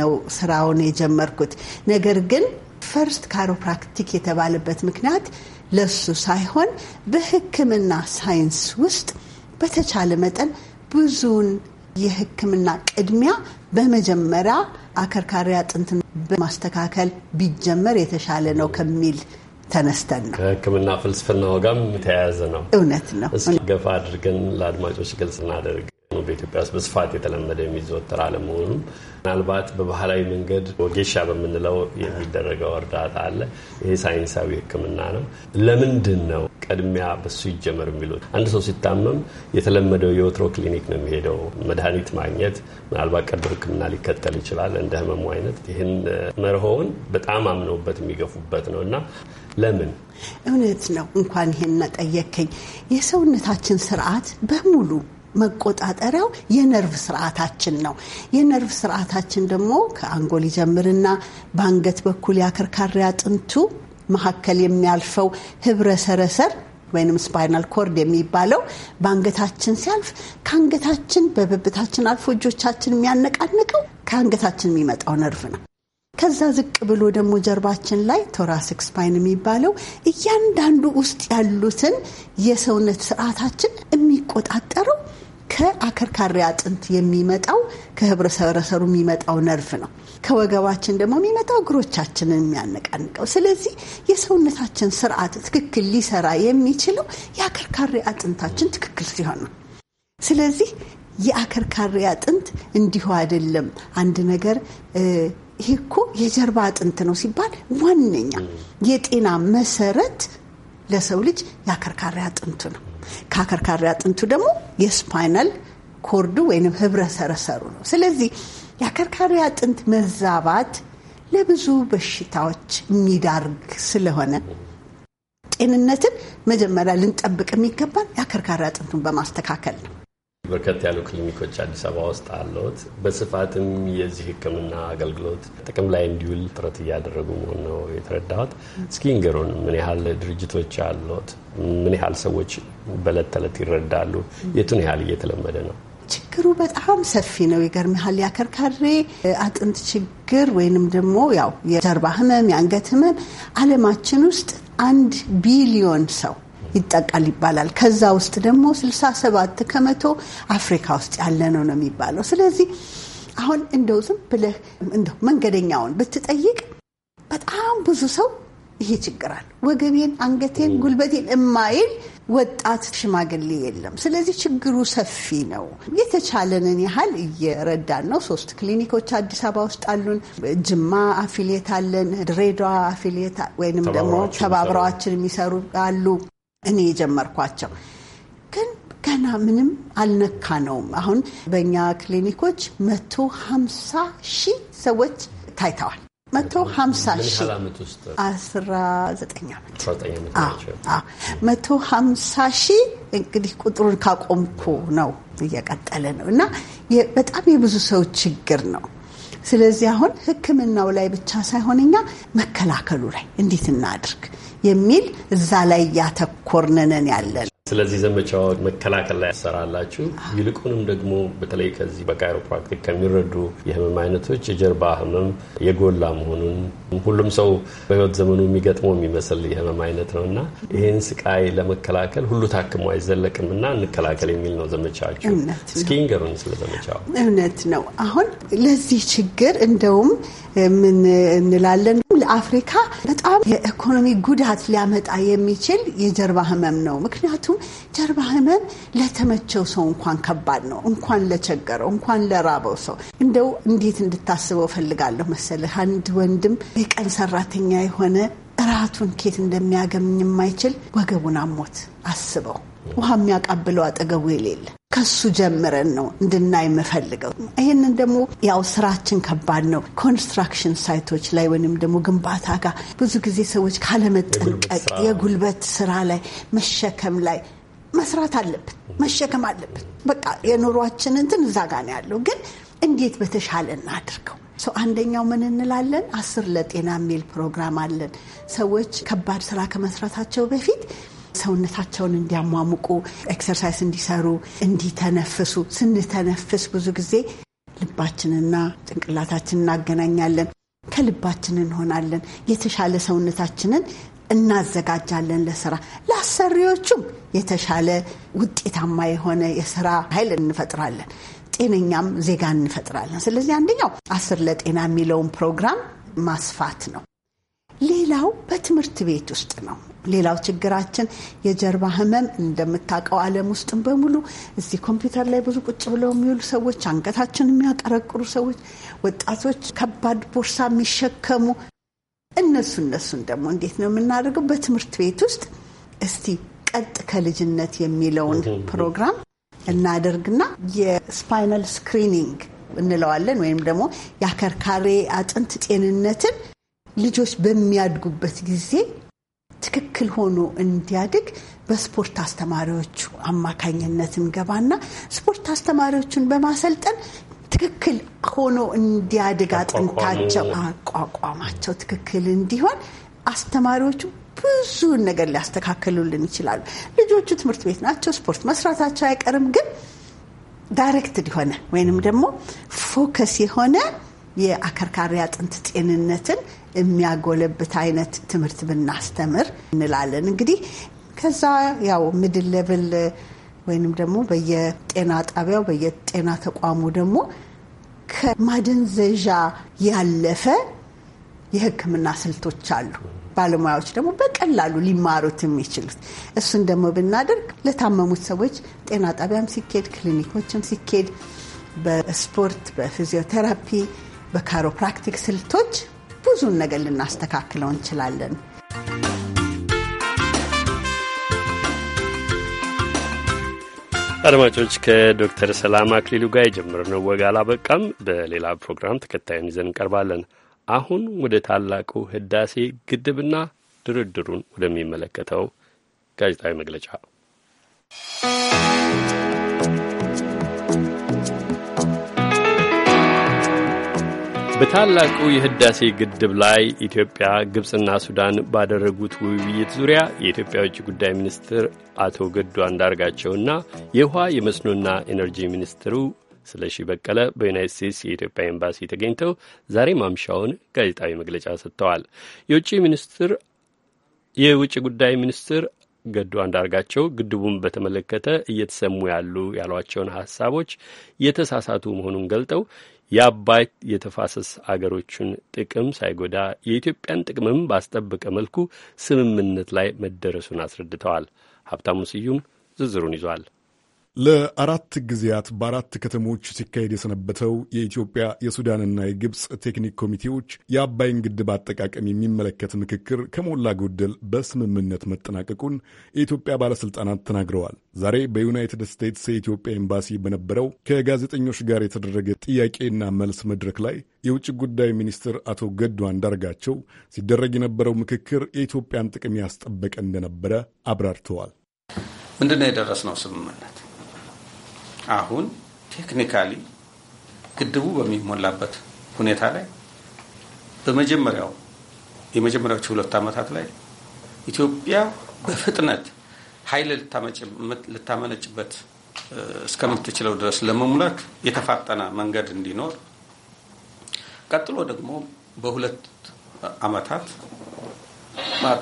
ነው ስራውን የጀመርኩት። ነገር ግን ፈርስት ካሮፕራክቲክ የተባለበት ምክንያት ለሱ ሳይሆን በሕክምና ሳይንስ ውስጥ በተቻለ መጠን ብዙውን የሕክምና ቅድሚያ በመጀመሪያ አከርካሪ አጥንትን በማስተካከል ቢጀመር የተሻለ ነው ከሚል ተነስተን ነው። ከህክምና ፍልስፍና ጋርም የተያያዘ ነው። እውነት ነው። ገፋ አድርገን ለአድማጮች ግልጽ እናደርግ። በኢትዮጵያ ውስጥ በስፋት የተለመደ የሚዘወተር አለመሆኑም ምናልባት በባህላዊ መንገድ ወጌሻ በምንለው የሚደረገው እርዳታ አለ። ይሄ ሳይንሳዊ ሕክምና ነው። ለምንድን ነው ቅድሚያ በሱ ይጀመር የሚሉት? አንድ ሰው ሲታመም የተለመደው የወትሮ ክሊኒክ ነው የሚሄደው መድኃኒት ማግኘት፣ ምናልባት ቀዶ ሕክምና ሊከተል ይችላል እንደ ህመሙ አይነት። ይህን መርሆውን በጣም አምነውበት የሚገፉበት ነው እና ለምን እውነት ነው። እንኳን ይሄን ጠየከኝ። የሰውነታችን ስርዓት በሙሉ መቆጣጠሪያው የነርቭ ስርዓታችን ነው። የነርቭ ስርዓታችን ደግሞ ከአንጎል ይጀምርና በአንገት በኩል የአከርካሪ አጥንቱ መካከል የሚያልፈው ህብረ ሰረሰር ወይም ስፓይናል ኮርድ የሚባለው በአንገታችን ሲያልፍ ከአንገታችን በብብታችን አልፎ እጆቻችን የሚያነቃንቀው ከአንገታችን የሚመጣው ነርቭ ነው። ከዛ ዝቅ ብሎ ደግሞ ጀርባችን ላይ ቶራሲክ ስፓይን የሚባለው እያንዳንዱ ውስጥ ያሉትን የሰውነት ስርዓታችን የሚቆጣጠረው ከአከርካሪ አጥንት የሚመጣው ከህብረሰረሰሩ የሚመጣው ነርፍ ነው። ከወገባችን ደግሞ የሚመጣው እግሮቻችንን የሚያነቃንቀው። ስለዚህ የሰውነታችን ስርዓት ትክክል ሊሰራ የሚችለው የአከርካሪ አጥንታችን ትክክል ሲሆን ነው። ስለዚህ የአከርካሪ አጥንት እንዲሁ አይደለም። አንድ ነገር ይሄ እኮ የጀርባ አጥንት ነው ሲባል ዋነኛ የጤና መሰረት ለሰው ልጅ የአከርካሪ አጥንቱ ነው። ከአከርካሪ አጥንቱ ደግሞ የስፓይናል ኮርዱ ወይም ህብረ ሰረሰሩ ነው። ስለዚህ የአከርካሪ አጥንት መዛባት ለብዙ በሽታዎች የሚዳርግ ስለሆነ ጤንነትን መጀመሪያ ልንጠብቅ የሚገባል የአከርካሪ አጥንቱን በማስተካከል ነው። በርከት ያሉ ክሊኒኮች አዲስ አበባ ውስጥ አሉት በስፋትም የዚህ ሕክምና አገልግሎት ጥቅም ላይ እንዲውል ጥረት እያደረጉ መሆን ነው የተረዳሁት። እስኪ ንገሩን፣ ምን ያህል ድርጅቶች አሉት ምን ያህል ሰዎች በዕለት ተዕለት ይረዳሉ? የቱን ያህል እየተለመደ ነው? ችግሩ በጣም ሰፊ ነው። ይገርምሃል። ያከርካሬ አጥንት ችግር ወይንም ደግሞ ያው የጀርባ ህመም፣ የአንገት ህመም አለማችን ውስጥ አንድ ቢሊዮን ሰው ይጠቃል ይባላል። ከዛ ውስጥ ደግሞ 67 ከመቶ አፍሪካ ውስጥ ያለ ነው ነው የሚባለው። ስለዚህ አሁን እንደው ዝም ብለህ እንደው መንገደኛውን ብትጠይቅ በጣም ብዙ ሰው ይሄ ችግር አለ፣ ወገቤን፣ አንገቴን፣ ጉልበቴን እማይል ወጣት ሽማግሌ የለም። ስለዚህ ችግሩ ሰፊ ነው። የተቻለንን ያህል እየረዳን ነው። ሶስት ክሊኒኮች አዲስ አበባ ውስጥ አሉን። ጅማ አፊሌት አለን፣ ድሬዳዋ አፊሌት ወይንም ደግሞ ተባብረዋችን የሚሰሩ አሉ። እኔ የጀመርኳቸው ግን ገና ምንም አልነካ ነውም። አሁን በእኛ ክሊኒኮች መቶ ሀምሳ ሺህ ሰዎች ታይተዋል። መቶ ሀምሳ ሺህ አስራ ዘጠኝ ዓመት መቶ ሀምሳ ሺህ እንግዲህ ቁጥሩን ካቆምኩ ነው እየቀጠለ ነው እና በጣም የብዙ ሰው ችግር ነው። ስለዚህ አሁን ሕክምናው ላይ ብቻ ሳይሆን እኛ መከላከሉ ላይ እንዴት እናድርግ የሚል እዛ ላይ እያተኮርንንን ያለን። ስለዚህ ዘመቻው መከላከል ላይ ያሰራላችሁ ይልቁንም ደግሞ በተለይ ከዚህ በካይሮፕራክቲክ ከሚረዱ የህመም አይነቶች የጀርባ ህመም የጎላ መሆኑን ሁሉም ሰው በህይወት ዘመኑ የሚገጥመው የሚመስል የህመም አይነት ነው እና ይህን ስቃይ ለመከላከል ሁሉ ታክሞ አይዘለቅም እና እንከላከል የሚል ነው ዘመቻችሁ። እስኪ ንገሩን ስለ ዘመቻው። እውነት ነው። አሁን ለዚህ ችግር እንደውም ምን እንላለን አፍሪካ በጣም የኢኮኖሚ ጉዳት ሊያመጣ የሚችል የጀርባ ህመም ነው። ምክንያቱም ጀርባ ህመም ለተመቸው ሰው እንኳን ከባድ ነው፣ እንኳን ለቸገረው፣ እንኳን ለራበው ሰው። እንደው እንዴት እንድታስበው ፈልጋለሁ መሰልህ አንድ ወንድም የቀን ሰራተኛ የሆነ እራቱን ኬት እንደሚያገኝ የማይችል ወገቡን አሞት አስበው ውሃ የሚያቃብለው አጠገቡ የሌለ ከሱ ጀምረን ነው እንድናይ የምፈልገው። ይህንን ደግሞ ያው ስራችን ከባድ ነው። ኮንስትራክሽን ሳይቶች ላይ ወይም ደግሞ ግንባታ ጋር ብዙ ጊዜ ሰዎች ካለመጠንቀቅ የጉልበት ስራ ላይ መሸከም ላይ መስራት አለብን፣ መሸከም አለብን። በቃ የኑሯችን እንትን እዛ ጋ ነው ያለው። ግን እንዴት በተሻለ እናድርገው? ሰው አንደኛው ምን እንላለን፣ አስር ለጤና የሚል ፕሮግራም አለን። ሰዎች ከባድ ስራ ከመስራታቸው በፊት ሰውነታቸውን እንዲያሟሙቁ፣ ኤክሰርሳይዝ እንዲሰሩ፣ እንዲተነፍሱ። ስንተነፍስ ብዙ ጊዜ ልባችንና ጭንቅላታችን እናገናኛለን። ከልባችን እንሆናለን። የተሻለ ሰውነታችንን እናዘጋጃለን ለስራ። ለአሰሪዎቹም የተሻለ ውጤታማ የሆነ የስራ ኃይል እንፈጥራለን። ጤነኛም ዜጋ እንፈጥራለን። ስለዚህ አንደኛው አስር ለጤና የሚለውን ፕሮግራም ማስፋት ነው። ሌላው በትምህርት ቤት ውስጥ ነው። ሌላው ችግራችን የጀርባ ህመም እንደምታውቀው ዓለም ውስጥ በሙሉ እዚህ ኮምፒውተር ላይ ብዙ ቁጭ ብለው የሚውሉ ሰዎች፣ አንገታችን የሚያቀረቅሩ ሰዎች፣ ወጣቶች ከባድ ቦርሳ የሚሸከሙ እነሱ እነሱን ደግሞ እንዴት ነው የምናደርገው? በትምህርት ቤት ውስጥ እስቲ ቀጥ ከልጅነት የሚለውን ፕሮግራም እናደርግና የስፓይናል ስክሪኒንግ እንለዋለን ወይም ደግሞ የአከርካሪ አጥንት ጤንነትን ልጆች በሚያድጉበት ጊዜ ትክክል ሆኖ እንዲያድግ በስፖርት አስተማሪዎቹ አማካኝነት እንገባና ስፖርት አስተማሪዎቹን በማሰልጠን ትክክል ሆኖ እንዲያድግ አጥንታቸው፣ አቋቋማቸው ትክክል እንዲሆን አስተማሪዎቹ ብዙን ነገር ሊያስተካክሉልን ይችላሉ። ልጆቹ ትምህርት ቤት ናቸው፣ ስፖርት መስራታቸው አይቀርም። ግን ዳይሬክትድ የሆነ ወይንም ደግሞ ፎከስ የሆነ የአከርካሪ አጥንት ጤንነትን የሚያጎለብት አይነት ትምህርት ብናስተምር እንላለን። እንግዲህ ከዛ ያው ምድል ለብል ወይንም ደግሞ በየጤና ጣቢያው በየጤና ተቋሙ ደግሞ ከማደንዘዣ ያለፈ የሕክምና ስልቶች አሉ። ባለሙያዎች ደግሞ በቀላሉ ሊማሩት የሚችሉት እሱን ደግሞ ብናደርግ ለታመሙት ሰዎች ጤና ጣቢያም ሲኬድ፣ ክሊኒኮችም ሲኬድ በስፖርት በፊዚዮቴራፒ በካይሮፕራክቲክ ስልቶች ብዙን ነገር ልናስተካክለው እንችላለን። አድማጮች ከዶክተር ሰላም አክሊሉ ጋር የጀመርነው ወግ አላበቃም። በሌላ ፕሮግራም ተከታዩን ይዘን እንቀርባለን። አሁን ወደ ታላቁ ህዳሴ ግድብና ድርድሩን ወደሚመለከተው ጋዜጣዊ መግለጫ በታላቁ የህዳሴ ግድብ ላይ ኢትዮጵያ፣ ግብፅና ሱዳን ባደረጉት ውይይት ዙሪያ የኢትዮጵያ ውጭ ጉዳይ ሚኒስትር አቶ ገዱ አንዳርጋቸውና የውኃ የመስኖና ኤነርጂ ሚኒስትሩ ስለሺ በቀለ በዩናይት ስቴትስ የኢትዮጵያ ኤምባሲ ተገኝተው ዛሬ ማምሻውን ጋዜጣዊ መግለጫ ሰጥተዋል። የውጭ ሚኒስትር የውጭ ጉዳይ ሚኒስትር ገዱ አንዳርጋቸው ግድቡን በተመለከተ እየተሰሙ ያሉ ያሏቸውን ሀሳቦች የተሳሳቱ መሆኑን ገልጠው የአባይ የተፋሰስ አገሮችን ጥቅም ሳይጎዳ የኢትዮጵያን ጥቅምም ባስጠበቀ መልኩ ስምምነት ላይ መደረሱን አስረድተዋል። ሀብታሙ ስዩም ዝርዝሩን ይዟል። ለአራት ጊዜያት በአራት ከተሞች ሲካሄድ የሰነበተው የኢትዮጵያ የሱዳንና የግብፅ ቴክኒክ ኮሚቴዎች የአባይን ግድብ አጠቃቀም የሚመለከት ምክክር ከሞላ ጎደል በስምምነት መጠናቀቁን የኢትዮጵያ ባለስልጣናት ተናግረዋል። ዛሬ በዩናይትድ ስቴትስ የኢትዮጵያ ኤምባሲ በነበረው ከጋዜጠኞች ጋር የተደረገ ጥያቄና መልስ መድረክ ላይ የውጭ ጉዳይ ሚኒስትር አቶ ገዱ አንዳርጋቸው ሲደረግ የነበረው ምክክር የኢትዮጵያን ጥቅም ያስጠበቀ እንደነበረ አብራርተዋል። ምንድነው የደረስነው ስምምነት? አሁን ቴክኒካሊ ግድቡ በሚሞላበት ሁኔታ ላይ በመጀመሪያው የመጀመሪያዎቹ ሁለት ዓመታት ላይ ኢትዮጵያ በፍጥነት ኃይል ልታመነጭበት እስከምትችለው ድረስ ለመሙላት የተፋጠነ መንገድ እንዲኖር፣ ቀጥሎ ደግሞ በሁለት ዓመታት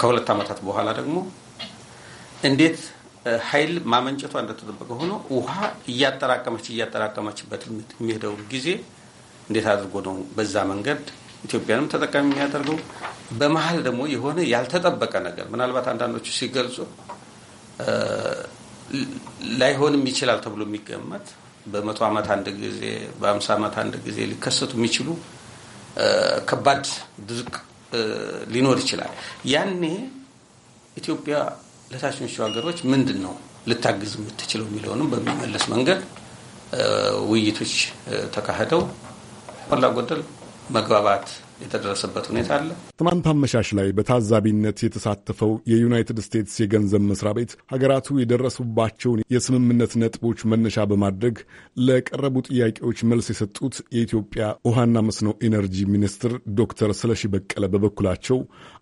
ከሁለት ዓመታት በኋላ ደግሞ እንዴት ኃይል ማመንጨቷ እንደተጠበቀ ሆኖ ውሃ እያጠራቀመች እያጠራቀመችበት የሚሄደው ጊዜ እንዴት አድርጎ ነው በዛ መንገድ ኢትዮጵያንም ተጠቃሚ የሚያደርገው? በመሀል ደግሞ የሆነ ያልተጠበቀ ነገር ምናልባት አንዳንዶቹ ሲገልጹ ላይሆንም ይችላል ተብሎ የሚገመት በመቶ ዓመት አንድ ጊዜ በአምሳ ዓመት አንድ ጊዜ ሊከሰቱ የሚችሉ ከባድ ድርቅ ሊኖር ይችላል። ያኔ ኢትዮጵያ ለታች ሀገሮች ምንድን ነው ልታግዝ የምትችለው የሚለውንም በሚመለስ መንገድ ውይይቶች ተካሂደው ሞላ ጎደል መግባባት የተደረሰበት ሁኔታ አለ። ትናንት አመሻሽ ላይ በታዛቢነት የተሳተፈው የዩናይትድ ስቴትስ የገንዘብ መስሪያ ቤት ሀገራቱ የደረሱባቸውን የስምምነት ነጥቦች መነሻ በማድረግ ለቀረቡ ጥያቄዎች መልስ የሰጡት የኢትዮጵያ ውሃና መስኖ ኢነርጂ ሚኒስትር ዶክተር ስለሺ በቀለ በበኩላቸው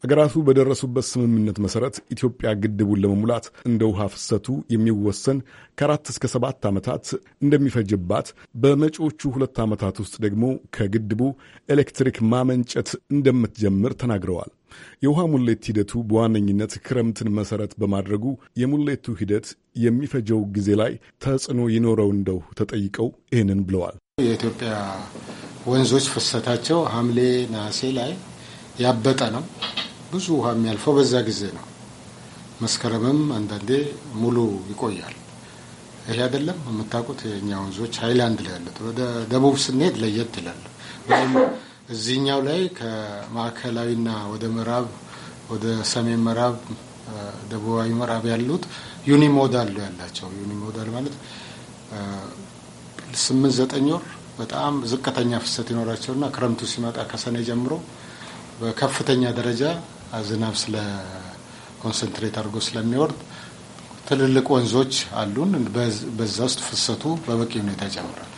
ሀገራቱ በደረሱበት ስምምነት መሰረት ኢትዮጵያ ግድቡን ለመሙላት እንደ ውሃ ፍሰቱ የሚወሰን ከአራት እስከ ሰባት ዓመታት እንደሚፈጅባት በመጪዎቹ ሁለት ዓመታት ውስጥ ደግሞ ከግድቡ ኤሌክትሪክ ማመንጨት እንደምትጀምር ተናግረዋል። የውሃ ሙሌት ሂደቱ በዋነኝነት ክረምትን መሰረት በማድረጉ የሙሌቱ ሂደት የሚፈጀው ጊዜ ላይ ተጽዕኖ ይኖረው እንደው ተጠይቀው ይህንን ብለዋል። የኢትዮጵያ ወንዞች ፍሰታቸው ሐምሌ ነሐሴ ላይ ያበጠ ነው። ብዙ ውሃ የሚያልፈው በዛ ጊዜ ነው። መስከረምም አንዳንዴ ሙሉ ይቆያል። ይሄ አይደለም የምታውቁት የእኛ ወንዞች ሀይላንድ ላይ ያለት ወደ ደቡብ ስንሄድ ለየት ይላል። እዚህኛው ላይ ከማዕከላዊና ወደ ምዕራብ ወደ ሰሜን ምዕራብ፣ ደቡባዊ ምዕራብ ያሉት ዩኒሞዳል ያላቸው ዩኒሞዳል ማለት ስምንት ዘጠኝ ወር በጣም ዝቅተኛ ፍሰት ይኖራቸውና ክረምቱ ሲመጣ ከሰኔ ጀምሮ በከፍተኛ ደረጃ ዝናብ ስለ ኮንሰንትሬት አድርጎ ስለሚወርድ ትልልቅ ወንዞች አሉን። በዛ ውስጥ ፍሰቱ በበቂ ሁኔታ ይጨምራል።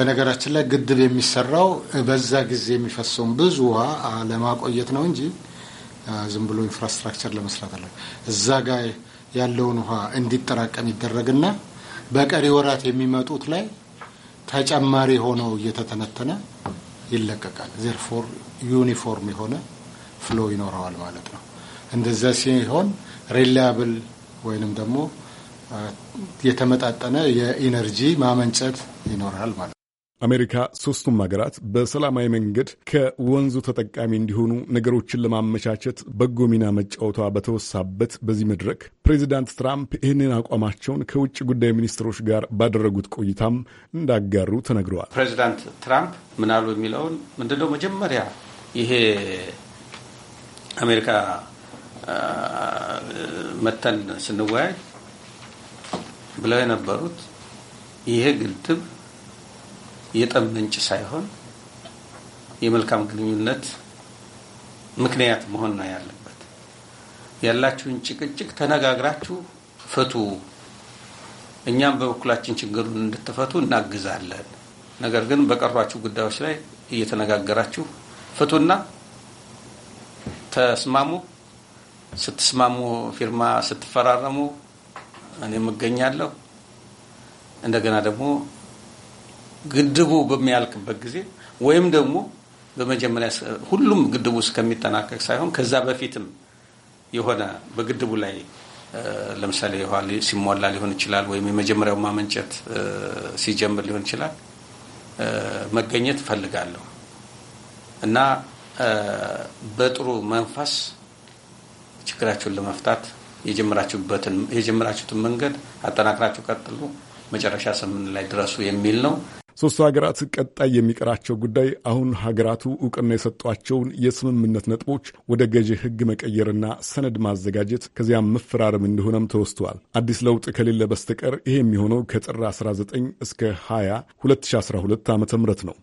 በነገራችን ላይ ግድብ የሚሰራው በዛ ጊዜ የሚፈሰውን ብዙ ውሃ ለማቆየት ነው እንጂ ዝም ብሎ ኢንፍራስትራክቸር ለመስራት አለ። እዛ ጋ ያለውን ውሃ እንዲጠራቀም ይደረግና በቀሪ ወራት የሚመጡት ላይ ተጨማሪ ሆነው እየተተነተነ ይለቀቃል። ዜርፎር ዩኒፎርም የሆነ ፍሎ ይኖረዋል ማለት ነው። እንደዛ ሲሆን ሪላያብል ወይንም ደግሞ የተመጣጠነ የኢነርጂ ማመንጨት ይኖራል ማለት ነው። አሜሪካ ሦስቱም ሀገራት በሰላማዊ መንገድ ከወንዙ ተጠቃሚ እንዲሆኑ ነገሮችን ለማመቻቸት በጎ ሚና መጫወቷ በተወሳበት በዚህ መድረክ ፕሬዚዳንት ትራምፕ ይህንን አቋማቸውን ከውጭ ጉዳይ ሚኒስትሮች ጋር ባደረጉት ቆይታም እንዳጋሩ ተነግረዋል። ፕሬዚዳንት ትራምፕ ምናሉ የሚለውን ምንድነው መጀመሪያ ይሄ አሜሪካ መተን ስንወያይ ብለው የነበሩት ይሄ ግድብ የጠብ ምንጭ ሳይሆን የመልካም ግንኙነት ምክንያት መሆን ነው ያለበት። ያላችሁን ጭቅጭቅ ተነጋግራችሁ ፍቱ። እኛም በበኩላችን ችግሩን እንድትፈቱ እናግዛለን። ነገር ግን በቀሯችሁ ጉዳዮች ላይ እየተነጋገራችሁ ፍቱና ተስማሙ። ስትስማሙ ፊርማ ስትፈራረሙ እኔ እገኛለሁ። እንደገና ደግሞ ግድቡ በሚያልቅበት ጊዜ ወይም ደግሞ በመጀመሪያ ሁሉም ግድቡ እስከሚጠናቀቅ ሳይሆን ከዛ በፊትም የሆነ በግድቡ ላይ ለምሳሌ ውሃ ሲሞላ ሊሆን ይችላል፣ ወይም የመጀመሪያው ማመንጨት ሲጀምር ሊሆን ይችላል። መገኘት እፈልጋለሁ እና በጥሩ መንፈስ ችግራችሁን ለመፍታት የጀመራችሁበትን የጀመራችሁትን መንገድ አጠናክራችሁ ቀጥሉ፣ መጨረሻ ስምን ላይ ድረሱ የሚል ነው። ሦስቱ ሀገራት ቀጣይ የሚቀራቸው ጉዳይ አሁን ሀገራቱ እውቅና የሰጧቸውን የስምምነት ነጥቦች ወደ ገዢ ሕግ መቀየርና ሰነድ ማዘጋጀት ከዚያም መፈራረም እንደሆነም ተወስተዋል። አዲስ ለውጥ ከሌለ በስተቀር ይሄ የሚሆነው ከጥር 19 እስከ 20 2012 ዓ ም ነው።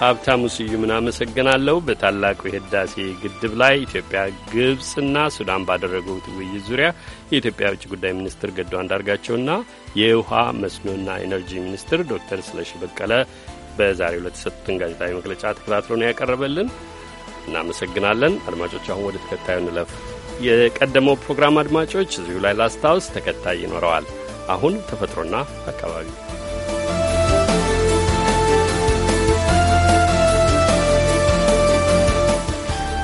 ሀብታሙ ስዩምን አመሰግናለሁ። በታላቁ የህዳሴ ግድብ ላይ ኢትዮጵያ፣ ግብጽና ሱዳን ባደረጉት ውይይት ዙሪያ የኢትዮጵያ ውጭ ጉዳይ ሚኒስትር ገዱ አንዳርጋቸውና የውሃ መስኖና ኤነርጂ ሚኒስትር ዶክተር ስለሺ በቀለ በዛሬው ዕለት የሰጡትን ጋዜጣዊ መግለጫ ተከታትሎ ነው ያቀረበልን። እናመሰግናለን። አድማጮች አሁን ወደ ተከታዩ እንለፍ። የቀደመው ፕሮግራም አድማጮች እዚሁ ላይ ላስታውስ፣ ተከታይ ይኖረዋል። አሁን ተፈጥሮና አካባቢ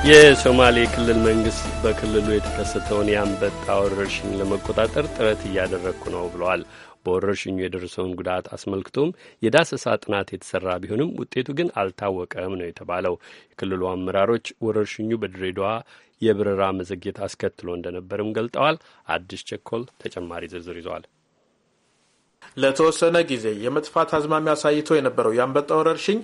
የሶማሌ ክልል መንግስት በክልሉ የተከሰተውን የአንበጣ ወረርሽኝ ለመቆጣጠር ጥረት እያደረግኩ ነው ብለዋል። በወረርሽኙ የደረሰውን ጉዳት አስመልክቶም የዳሰሳ ጥናት የተሰራ ቢሆንም ውጤቱ ግን አልታወቀም ነው የተባለው። የክልሉ አመራሮች ወረርሽኙ በድሬዳዋ የበረራ መዘግየት አስከትሎ እንደነበርም ገልጠዋል። አዲስ ቸኮል ተጨማሪ ዝርዝር ይዘዋል። ለተወሰነ ጊዜ የመጥፋት አዝማሚያ አሳይቶ የነበረው የአንበጣ ወረርሽኝ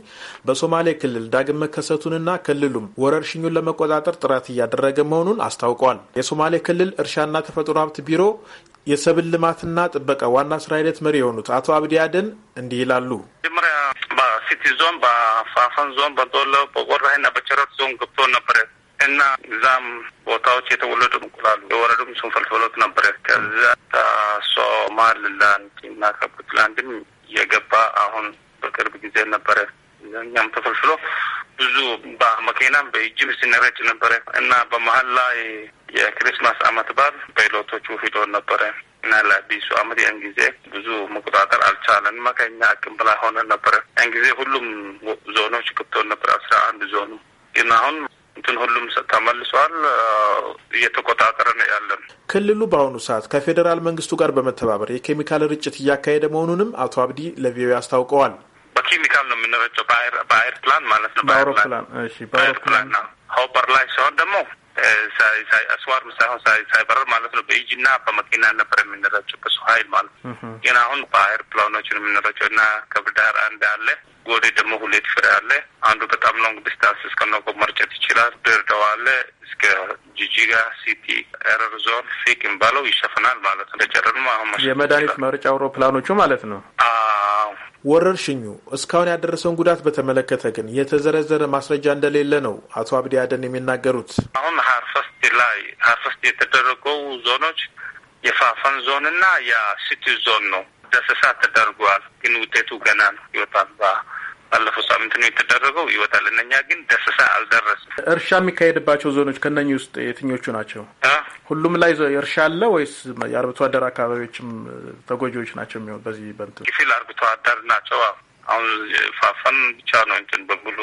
በሶማሌ ክልል ዳግም መከሰቱንና ክልሉም ወረርሽኙን ለመቆጣጠር ጥረት እያደረገ መሆኑን አስታውቋል። የሶማሌ ክልል እርሻና ተፈጥሮ ሀብት ቢሮ የሰብል ልማትና ጥበቃ ዋና ስራ ሂደት መሪ የሆኑት አቶ አብዲ አደን እንዲህ ይላሉ። በሲቲ ዞን፣ በፋፈን ዞን፣ በዶሎ፣ በቆራይና በቸረት ዞን ገብቶ ነበረ እና እዛም ቦታዎች የተወለዱ እንቁላሉ የወረዱም ስንፈል ተብሎት ነበረ። ከዛ ከሶማልላንድ እና ከፑንትላንድም የገባ አሁን በቅርብ ጊዜ ነበረ። እኛም ተፈልፍሎ ብዙ በመኪናም በእጅም ሲነረጭ ነበረ እና በመሀል ላይ የክሪስማስ አመት በዓል ፓይሎቶቹ ሂዶ ነበረ እና ለአዲሱ አመት ያን ጊዜ ብዙ መቆጣጠር አልቻለን። መከኛ አቅም ብላ ሆነ ነበረ ያን ጊዜ ሁሉም ዞኖች ገብቶ ነበረ አስራ አንድ ዞኑ ግን አሁን እንትን ሁሉም ተመልሷል። እየተቆጣጠረ ነው ያለን። ክልሉ በአሁኑ ሰዓት ከፌዴራል መንግስቱ ጋር በመተባበር የኬሚካል ርጭት እያካሄደ መሆኑንም አቶ አብዲ ለቪኦኤ አስታውቀዋል። በኬሚካል ነው የምንረጨው፣ ፕላን ማለት ነው። በአይሮፕላን ሆፐር ላይ ሲሆን ደግሞ አስዋር ሳይሆን ሳይበረር ማለት ነው። በእጅ እና በመኪና ነበር የምንረቸው በሱ ሀይል ማለት ነው። ግን አሁን በአይሮፕላኖች ነው የምንረቸው እና ከብር አንድ አለ፣ ጎዴ ደግሞ ሁሌት ፍሬ አለ። አንዱ በጣም ሎንግ ዲስታንስ እስከ ኖጎ መርጨት ይችላል። ድሬዳዋ አለ እስከ ጂጂጋ ሲቲ ኤረር ዞን ፊቅ የሚባለው ይሸፍናል ማለት ነው። ተጨረድሞ አሁን የመድኃኒት መርጫ አውሮፕላኖቹ ማለት ነው። ወረርሽኙ እስካሁን ያደረሰውን ጉዳት በተመለከተ ግን የተዘረዘረ ማስረጃ እንደሌለ ነው አቶ አብዲ አደን የሚናገሩት። አሁን ሀርሰስት ላይ ሀርሰስት የተደረገው ዞኖች የፋፈን ዞን እና የሲቲ ዞን ነው። ዳሰሳ ተደርጓል፣ ግን ውጤቱ ገና ይወጣል። ባለፈው ሳምንት ነው የተደረገው ይወጣል። እነኛ ግን ደስሳ አልደረስም። እርሻ የሚካሄድባቸው ዞኖች ከነኚህ ውስጥ የትኞቹ ናቸው? ሁሉም ላይ እርሻ አለ ወይስ የአርብቶ አደር አካባቢዎችም ተጎጂዎች ናቸው የሚሆን? በዚህ በንት ክፍል አርብቶ አደር ናቸው። አሁን ፋፋን ብቻ ነው እንትን በሙሉ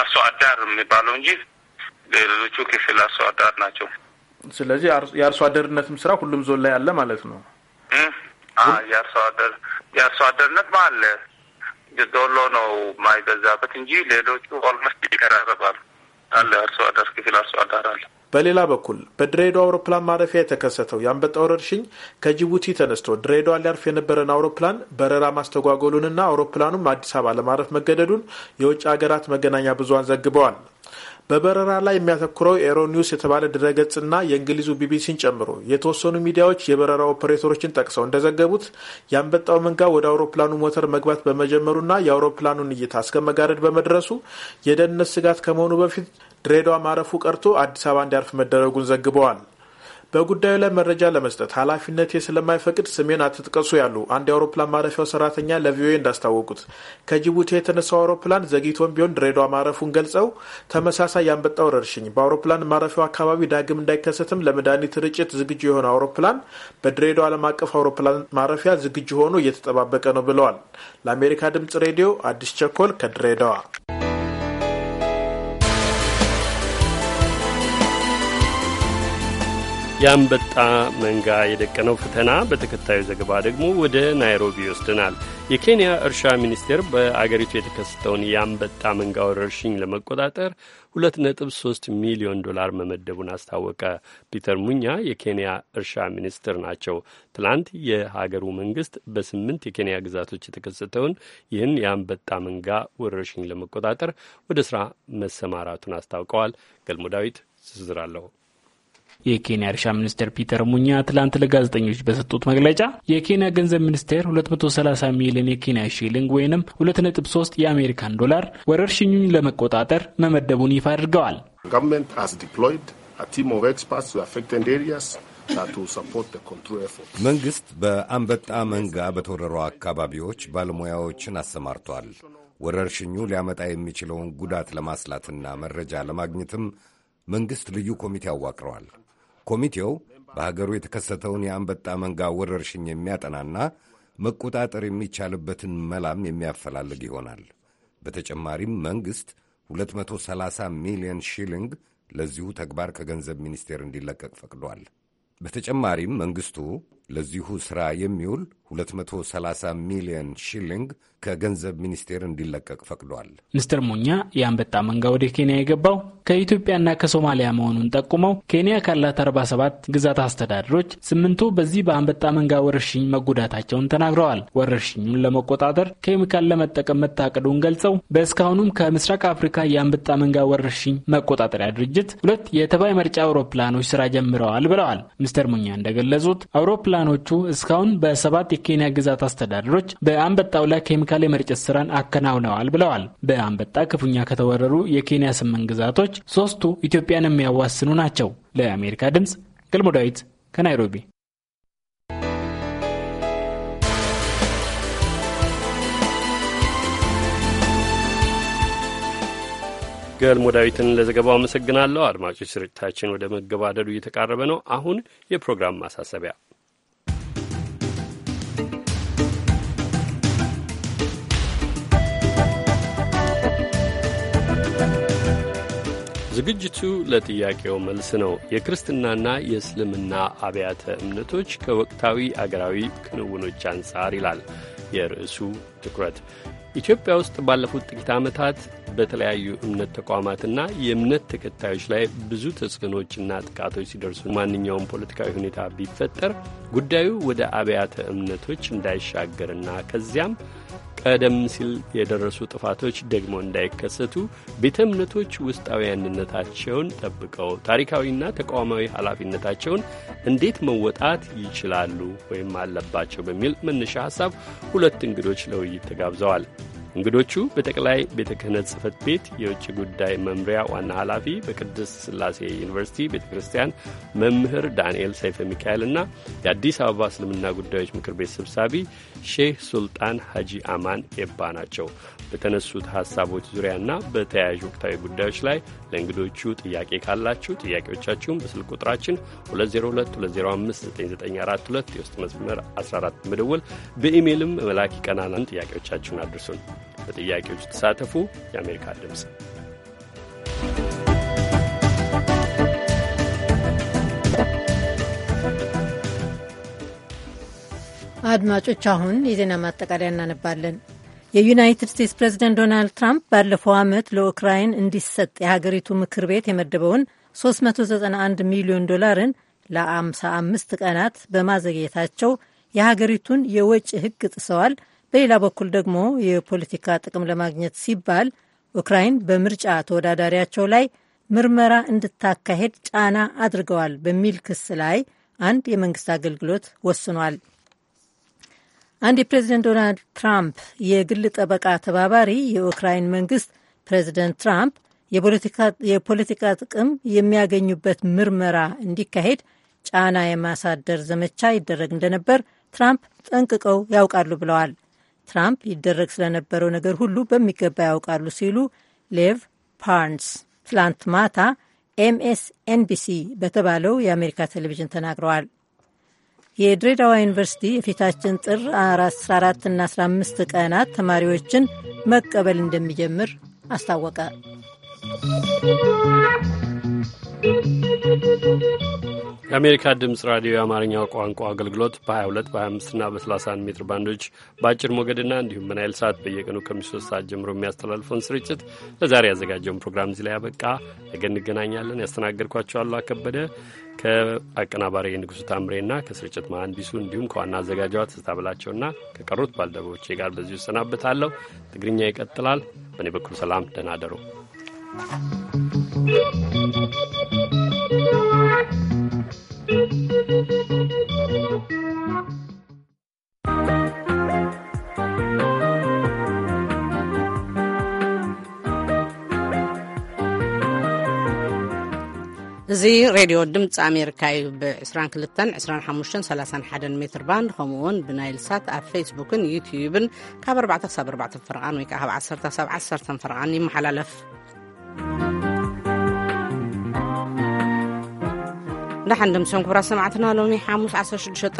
አርሶ አደር የሚባለው እንጂ ሌሎቹ ክፍል አርሶ አደር ናቸው። ስለዚህ የአርሶ አደርነትም ስራ ሁሉም ዞን ላይ አለ ማለት ነው። የአርሶ አደር የአርሶ አደርነት አለ ዶሎ ነው ማይበዛበት እንጂ ሌሎቹ ኦልሞስት ይቀራረባሉ። አለ አርሶ አዳር ክፍል አርሶ አዳር አለ። በሌላ በኩል በድሬዳዋ አውሮፕላን ማረፊያ የተከሰተው የአንበጣ ወረርሽኝ ከጅቡቲ ተነስቶ ድሬዳዋ ሊያርፍ የነበረን አውሮፕላን በረራ ማስተጓጎሉንና አውሮፕላኑም አዲስ አበባ ለማረፍ መገደዱን የውጭ ሀገራት መገናኛ ብዙኃን ዘግበዋል። በበረራ ላይ የሚያተኩረው ኤሮኒውስ የተባለ ድረገጽና የእንግሊዙ ቢቢሲን ጨምሮ የተወሰኑ ሚዲያዎች የበረራ ኦፐሬተሮችን ጠቅሰው እንደዘገቡት የአንበጣው መንጋ ወደ አውሮፕላኑ ሞተር መግባት በመጀመሩና የአውሮፕላኑን እይታ እስከ መጋረድ በመድረሱ የደህንነት ስጋት ከመሆኑ በፊት ድሬዳዋ ማረፉ ቀርቶ አዲስ አበባ እንዲያርፍ መደረጉን ዘግበዋል። በጉዳዩ ላይ መረጃ ለመስጠት ኃላፊነት ስለማይፈቅድ ስሜን አትጥቀሱ ያሉ አንድ የአውሮፕላን ማረፊያው ሰራተኛ ለቪኦኤ እንዳስታወቁት ከጅቡቲ የተነሳው አውሮፕላን ዘግይቶም ቢሆን ድሬዳዋ ማረፉን ገልጸው ተመሳሳይ ያንበጣ ወረርሽኝ በአውሮፕላን ማረፊያው አካባቢ ዳግም እንዳይከሰትም ለመድኃኒት ርጭት ዝግጁ የሆነ አውሮፕላን በድሬዳዋ ዓለም አቀፍ አውሮፕላን ማረፊያ ዝግጁ ሆኖ እየተጠባበቀ ነው ብለዋል። ለአሜሪካ ድምጽ ሬዲዮ አዲስ ቸኮል ከድሬዳዋ የአንበጣ መንጋ የደቀነው ፈተና በተከታዩ ዘገባ ደግሞ ወደ ናይሮቢ ይወስደናል። የኬንያ እርሻ ሚኒስቴር በአገሪቱ የተከሰተውን የአንበጣ መንጋ ወረርሽኝ ለመቆጣጠር 2.3 ሚሊዮን ዶላር መመደቡን አስታወቀ። ፒተር ሙኛ የኬንያ እርሻ ሚኒስትር ናቸው። ትላንት የሀገሩ መንግስት በስምንት የኬንያ ግዛቶች የተከሰተውን ይህን የአንበጣ መንጋ ወረርሽኝ ለመቆጣጠር ወደ ስራ መሰማራቱን አስታውቀዋል። ገልሞ ዳዊት ዝርዝር የኬንያ እርሻ ሚኒስቴር ፒተር ሙኛ ትላንት ለጋዜጠኞች በሰጡት መግለጫ የኬንያ ገንዘብ ሚኒስቴር 230 ሚሊዮን የኬንያ ሺሊንግ ወይም 2.3 የአሜሪካን ዶላር ወረርሽኙን ለመቆጣጠር መመደቡን ይፋ አድርገዋል። መንግሥት በአንበጣ መንጋ በተወረሩ አካባቢዎች ባለሙያዎችን አሰማርቷል። ወረርሽኙ ሊያመጣ የሚችለውን ጉዳት ለማስላትና መረጃ ለማግኘትም መንግሥት ልዩ ኮሚቴ አዋቅረዋል። ኮሚቴው በሀገሩ የተከሰተውን የአንበጣ መንጋ ወረርሽኝ የሚያጠናና መቆጣጠር የሚቻልበትን መላም የሚያፈላልግ ይሆናል። በተጨማሪም መንግሥት 230 ሚሊዮን ሺሊንግ ለዚሁ ተግባር ከገንዘብ ሚኒስቴር እንዲለቀቅ ፈቅዷል። በተጨማሪም መንግሥቱ ለዚሁ ሥራ የሚውል 230 ሚሊዮን ሺሊንግ ከገንዘብ ሚኒስቴር እንዲለቀቅ ፈቅዷል። ሚስተር ሙኛ የአንበጣ መንጋ ወደ ኬንያ የገባው ከኢትዮጵያና ከሶማሊያ መሆኑን ጠቁመው ኬንያ ካላት 47 ግዛት አስተዳደሮች ስምንቱ በዚህ በአንበጣ መንጋ ወረርሽኝ መጎዳታቸውን ተናግረዋል። ወረርሽኙን ለመቆጣጠር ኬሚካል ለመጠቀም መታቀዱን ገልጸው በእስካሁኑም ከምስራቅ አፍሪካ የአንበጣ መንጋ ወረርሽኝ መቆጣጠሪያ ድርጅት ሁለት የተባይ መርጫ አውሮፕላኖች ስራ ጀምረዋል ብለዋል። ሚስተር ሙኛ እንደገለጹት አውሮፕላ አውሮፕላኖቹ እስካሁን በሰባት የኬንያ ግዛት አስተዳደሮች በአንበጣው ላይ ኬሚካል የመርጨት ስራን አከናውነዋል ብለዋል። በአንበጣ ክፉኛ ከተወረሩ የኬንያ ስምንት ግዛቶች ሶስቱ ኢትዮጵያን የሚያዋስኑ ናቸው። ለአሜሪካ ድምፅ ገልሞ ዳዊት ከናይሮቢ። ገልሞ ዳዊትን ለዘገባው አመሰግናለሁ። አድማጮች ስርጭታችን ወደ መገባደዱ እየተቃረበ ነው። አሁን የፕሮግራም ማሳሰቢያ ዝግጅቱ ለጥያቄው መልስ ነው። የክርስትናና የእስልምና አብያተ እምነቶች ከወቅታዊ አገራዊ ክንውኖች አንጻር ይላል የርዕሱ ትኩረት። ኢትዮጵያ ውስጥ ባለፉት ጥቂት ዓመታት በተለያዩ እምነት ተቋማትና የእምነት ተከታዮች ላይ ብዙ ተጽዕኖችና ጥቃቶች ሲደርሱ ማንኛውም ፖለቲካዊ ሁኔታ ቢፈጠር ጉዳዩ ወደ አብያተ እምነቶች እንዳይሻገርና ከዚያም ቀደም ሲል የደረሱ ጥፋቶች ደግሞ እንዳይከሰቱ ቤተ እምነቶች ውስጣዊ አንድነታቸውን ጠብቀው ታሪካዊና ተቋማዊ ኃላፊነታቸውን እንዴት መወጣት ይችላሉ ወይም አለባቸው በሚል መነሻ ሐሳብ ሁለት እንግዶች ለውይይት ተጋብዘዋል። እንግዶቹ በጠቅላይ ቤተ ክህነት ጽሕፈት ቤት የውጭ ጉዳይ መምሪያ ዋና ኃላፊ በቅድስት ሥላሴ ዩኒቨርሲቲ ቤተ ክርስቲያን መምህር ዳንኤል ሰይፈ ሚካኤልና የአዲስ አበባ እስልምና ጉዳዮች ምክር ቤት ሰብሳቢ ሼህ ሱልጣን ሀጂ አማን ኤባ ናቸው። በተነሱት ሀሳቦች ዙሪያና በተያያዥ ወቅታዊ ጉዳዮች ላይ ለእንግዶቹ ጥያቄ ካላችሁ ጥያቄዎቻችሁን በስልክ ቁጥራችን 2022059942 የውስጥ መስመር 14 መደወል በኢሜይልም መላክ ቀናናን ጥያቄዎቻችሁን አድርሱን። በጥያቄዎች ተሳተፉ። የአሜሪካ ድምፅ አድማጮች አሁን የዜና ማጠቃለያ እናነባለን። የዩናይትድ ስቴትስ ፕሬዚደንት ዶናልድ ትራምፕ ባለፈው ዓመት ለኡክራይን እንዲሰጥ የሀገሪቱ ምክር ቤት የመደበውን 391 ሚሊዮን ዶላርን ለ55 ቀናት በማዘግየታቸው የሀገሪቱን የወጪ ሕግ ጥሰዋል። በሌላ በኩል ደግሞ የፖለቲካ ጥቅም ለማግኘት ሲባል ኡክራይን በምርጫ ተወዳዳሪያቸው ላይ ምርመራ እንድታካሄድ ጫና አድርገዋል በሚል ክስ ላይ አንድ የመንግስት አገልግሎት ወስኗል። አንድ የፕሬዚደንት ዶናልድ ትራምፕ የግል ጠበቃ ተባባሪ የኡክራይን መንግስት ፕሬዚደንት ትራምፕ የፖለቲካ ጥቅም የሚያገኙበት ምርመራ እንዲካሄድ ጫና የማሳደር ዘመቻ ይደረግ እንደነበር ትራምፕ ጠንቅቀው ያውቃሉ ብለዋል። ትራምፕ ይደረግ ስለነበረው ነገር ሁሉ በሚገባ ያውቃሉ ሲሉ ሌቭ ፓርንስ ትላንት ማታ ኤምኤስኤንቢሲ በተባለው የአሜሪካ ቴሌቪዥን ተናግረዋል። የድሬዳዋ ዩኒቨርሲቲ የፊታችን ጥር 14 እና 15 ቀናት ተማሪዎችን መቀበል እንደሚጀምር አስታወቀ። የአሜሪካ ድምፅ ራዲዮ የአማርኛው ቋንቋ አገልግሎት በ22 በ25 እና በ31 ሜትር ባንዶች በአጭር ሞገድና እንዲሁም በናይል ሰዓት በየቀኑ ከምሽቱ ሰዓት ጀምሮ የሚያስተላልፈውን ስርጭት ለዛሬ ያዘጋጀውን ፕሮግራም እዚህ ላይ ያበቃ። ነገ እንገናኛለን። ያስተናገድኳቸው አሉ ከአቀናባሪ ንጉሥ ታምሬና ከስርጭት መሐንዲሱ እንዲሁም ከዋና አዘጋጇ ትዝታ ብላቸውና ከቀሩት ባልደረቦቼ ጋር በዚሁ እሰናበታለሁ። ትግርኛ ይቀጥላል። በእኔ በኩል ሰላም፣ ደህና you. እዚ ሬድዮ ድምፂ ኣሜሪካ እዩ ብ22 2531 ሜትር ባንድ ከምኡውን ብናይልሳት ኣብ ፌስቡክን ዩትዩብን ካብ 4 ሳብ 4 ፍርቓን ወይ ከዓ ካብ 1 ሳብ 1 ፍርቓን ይመሓላለፍ ዳሓን ድምሲም ክብራ ሰማዕትና ሎሚ ሓሙስ 16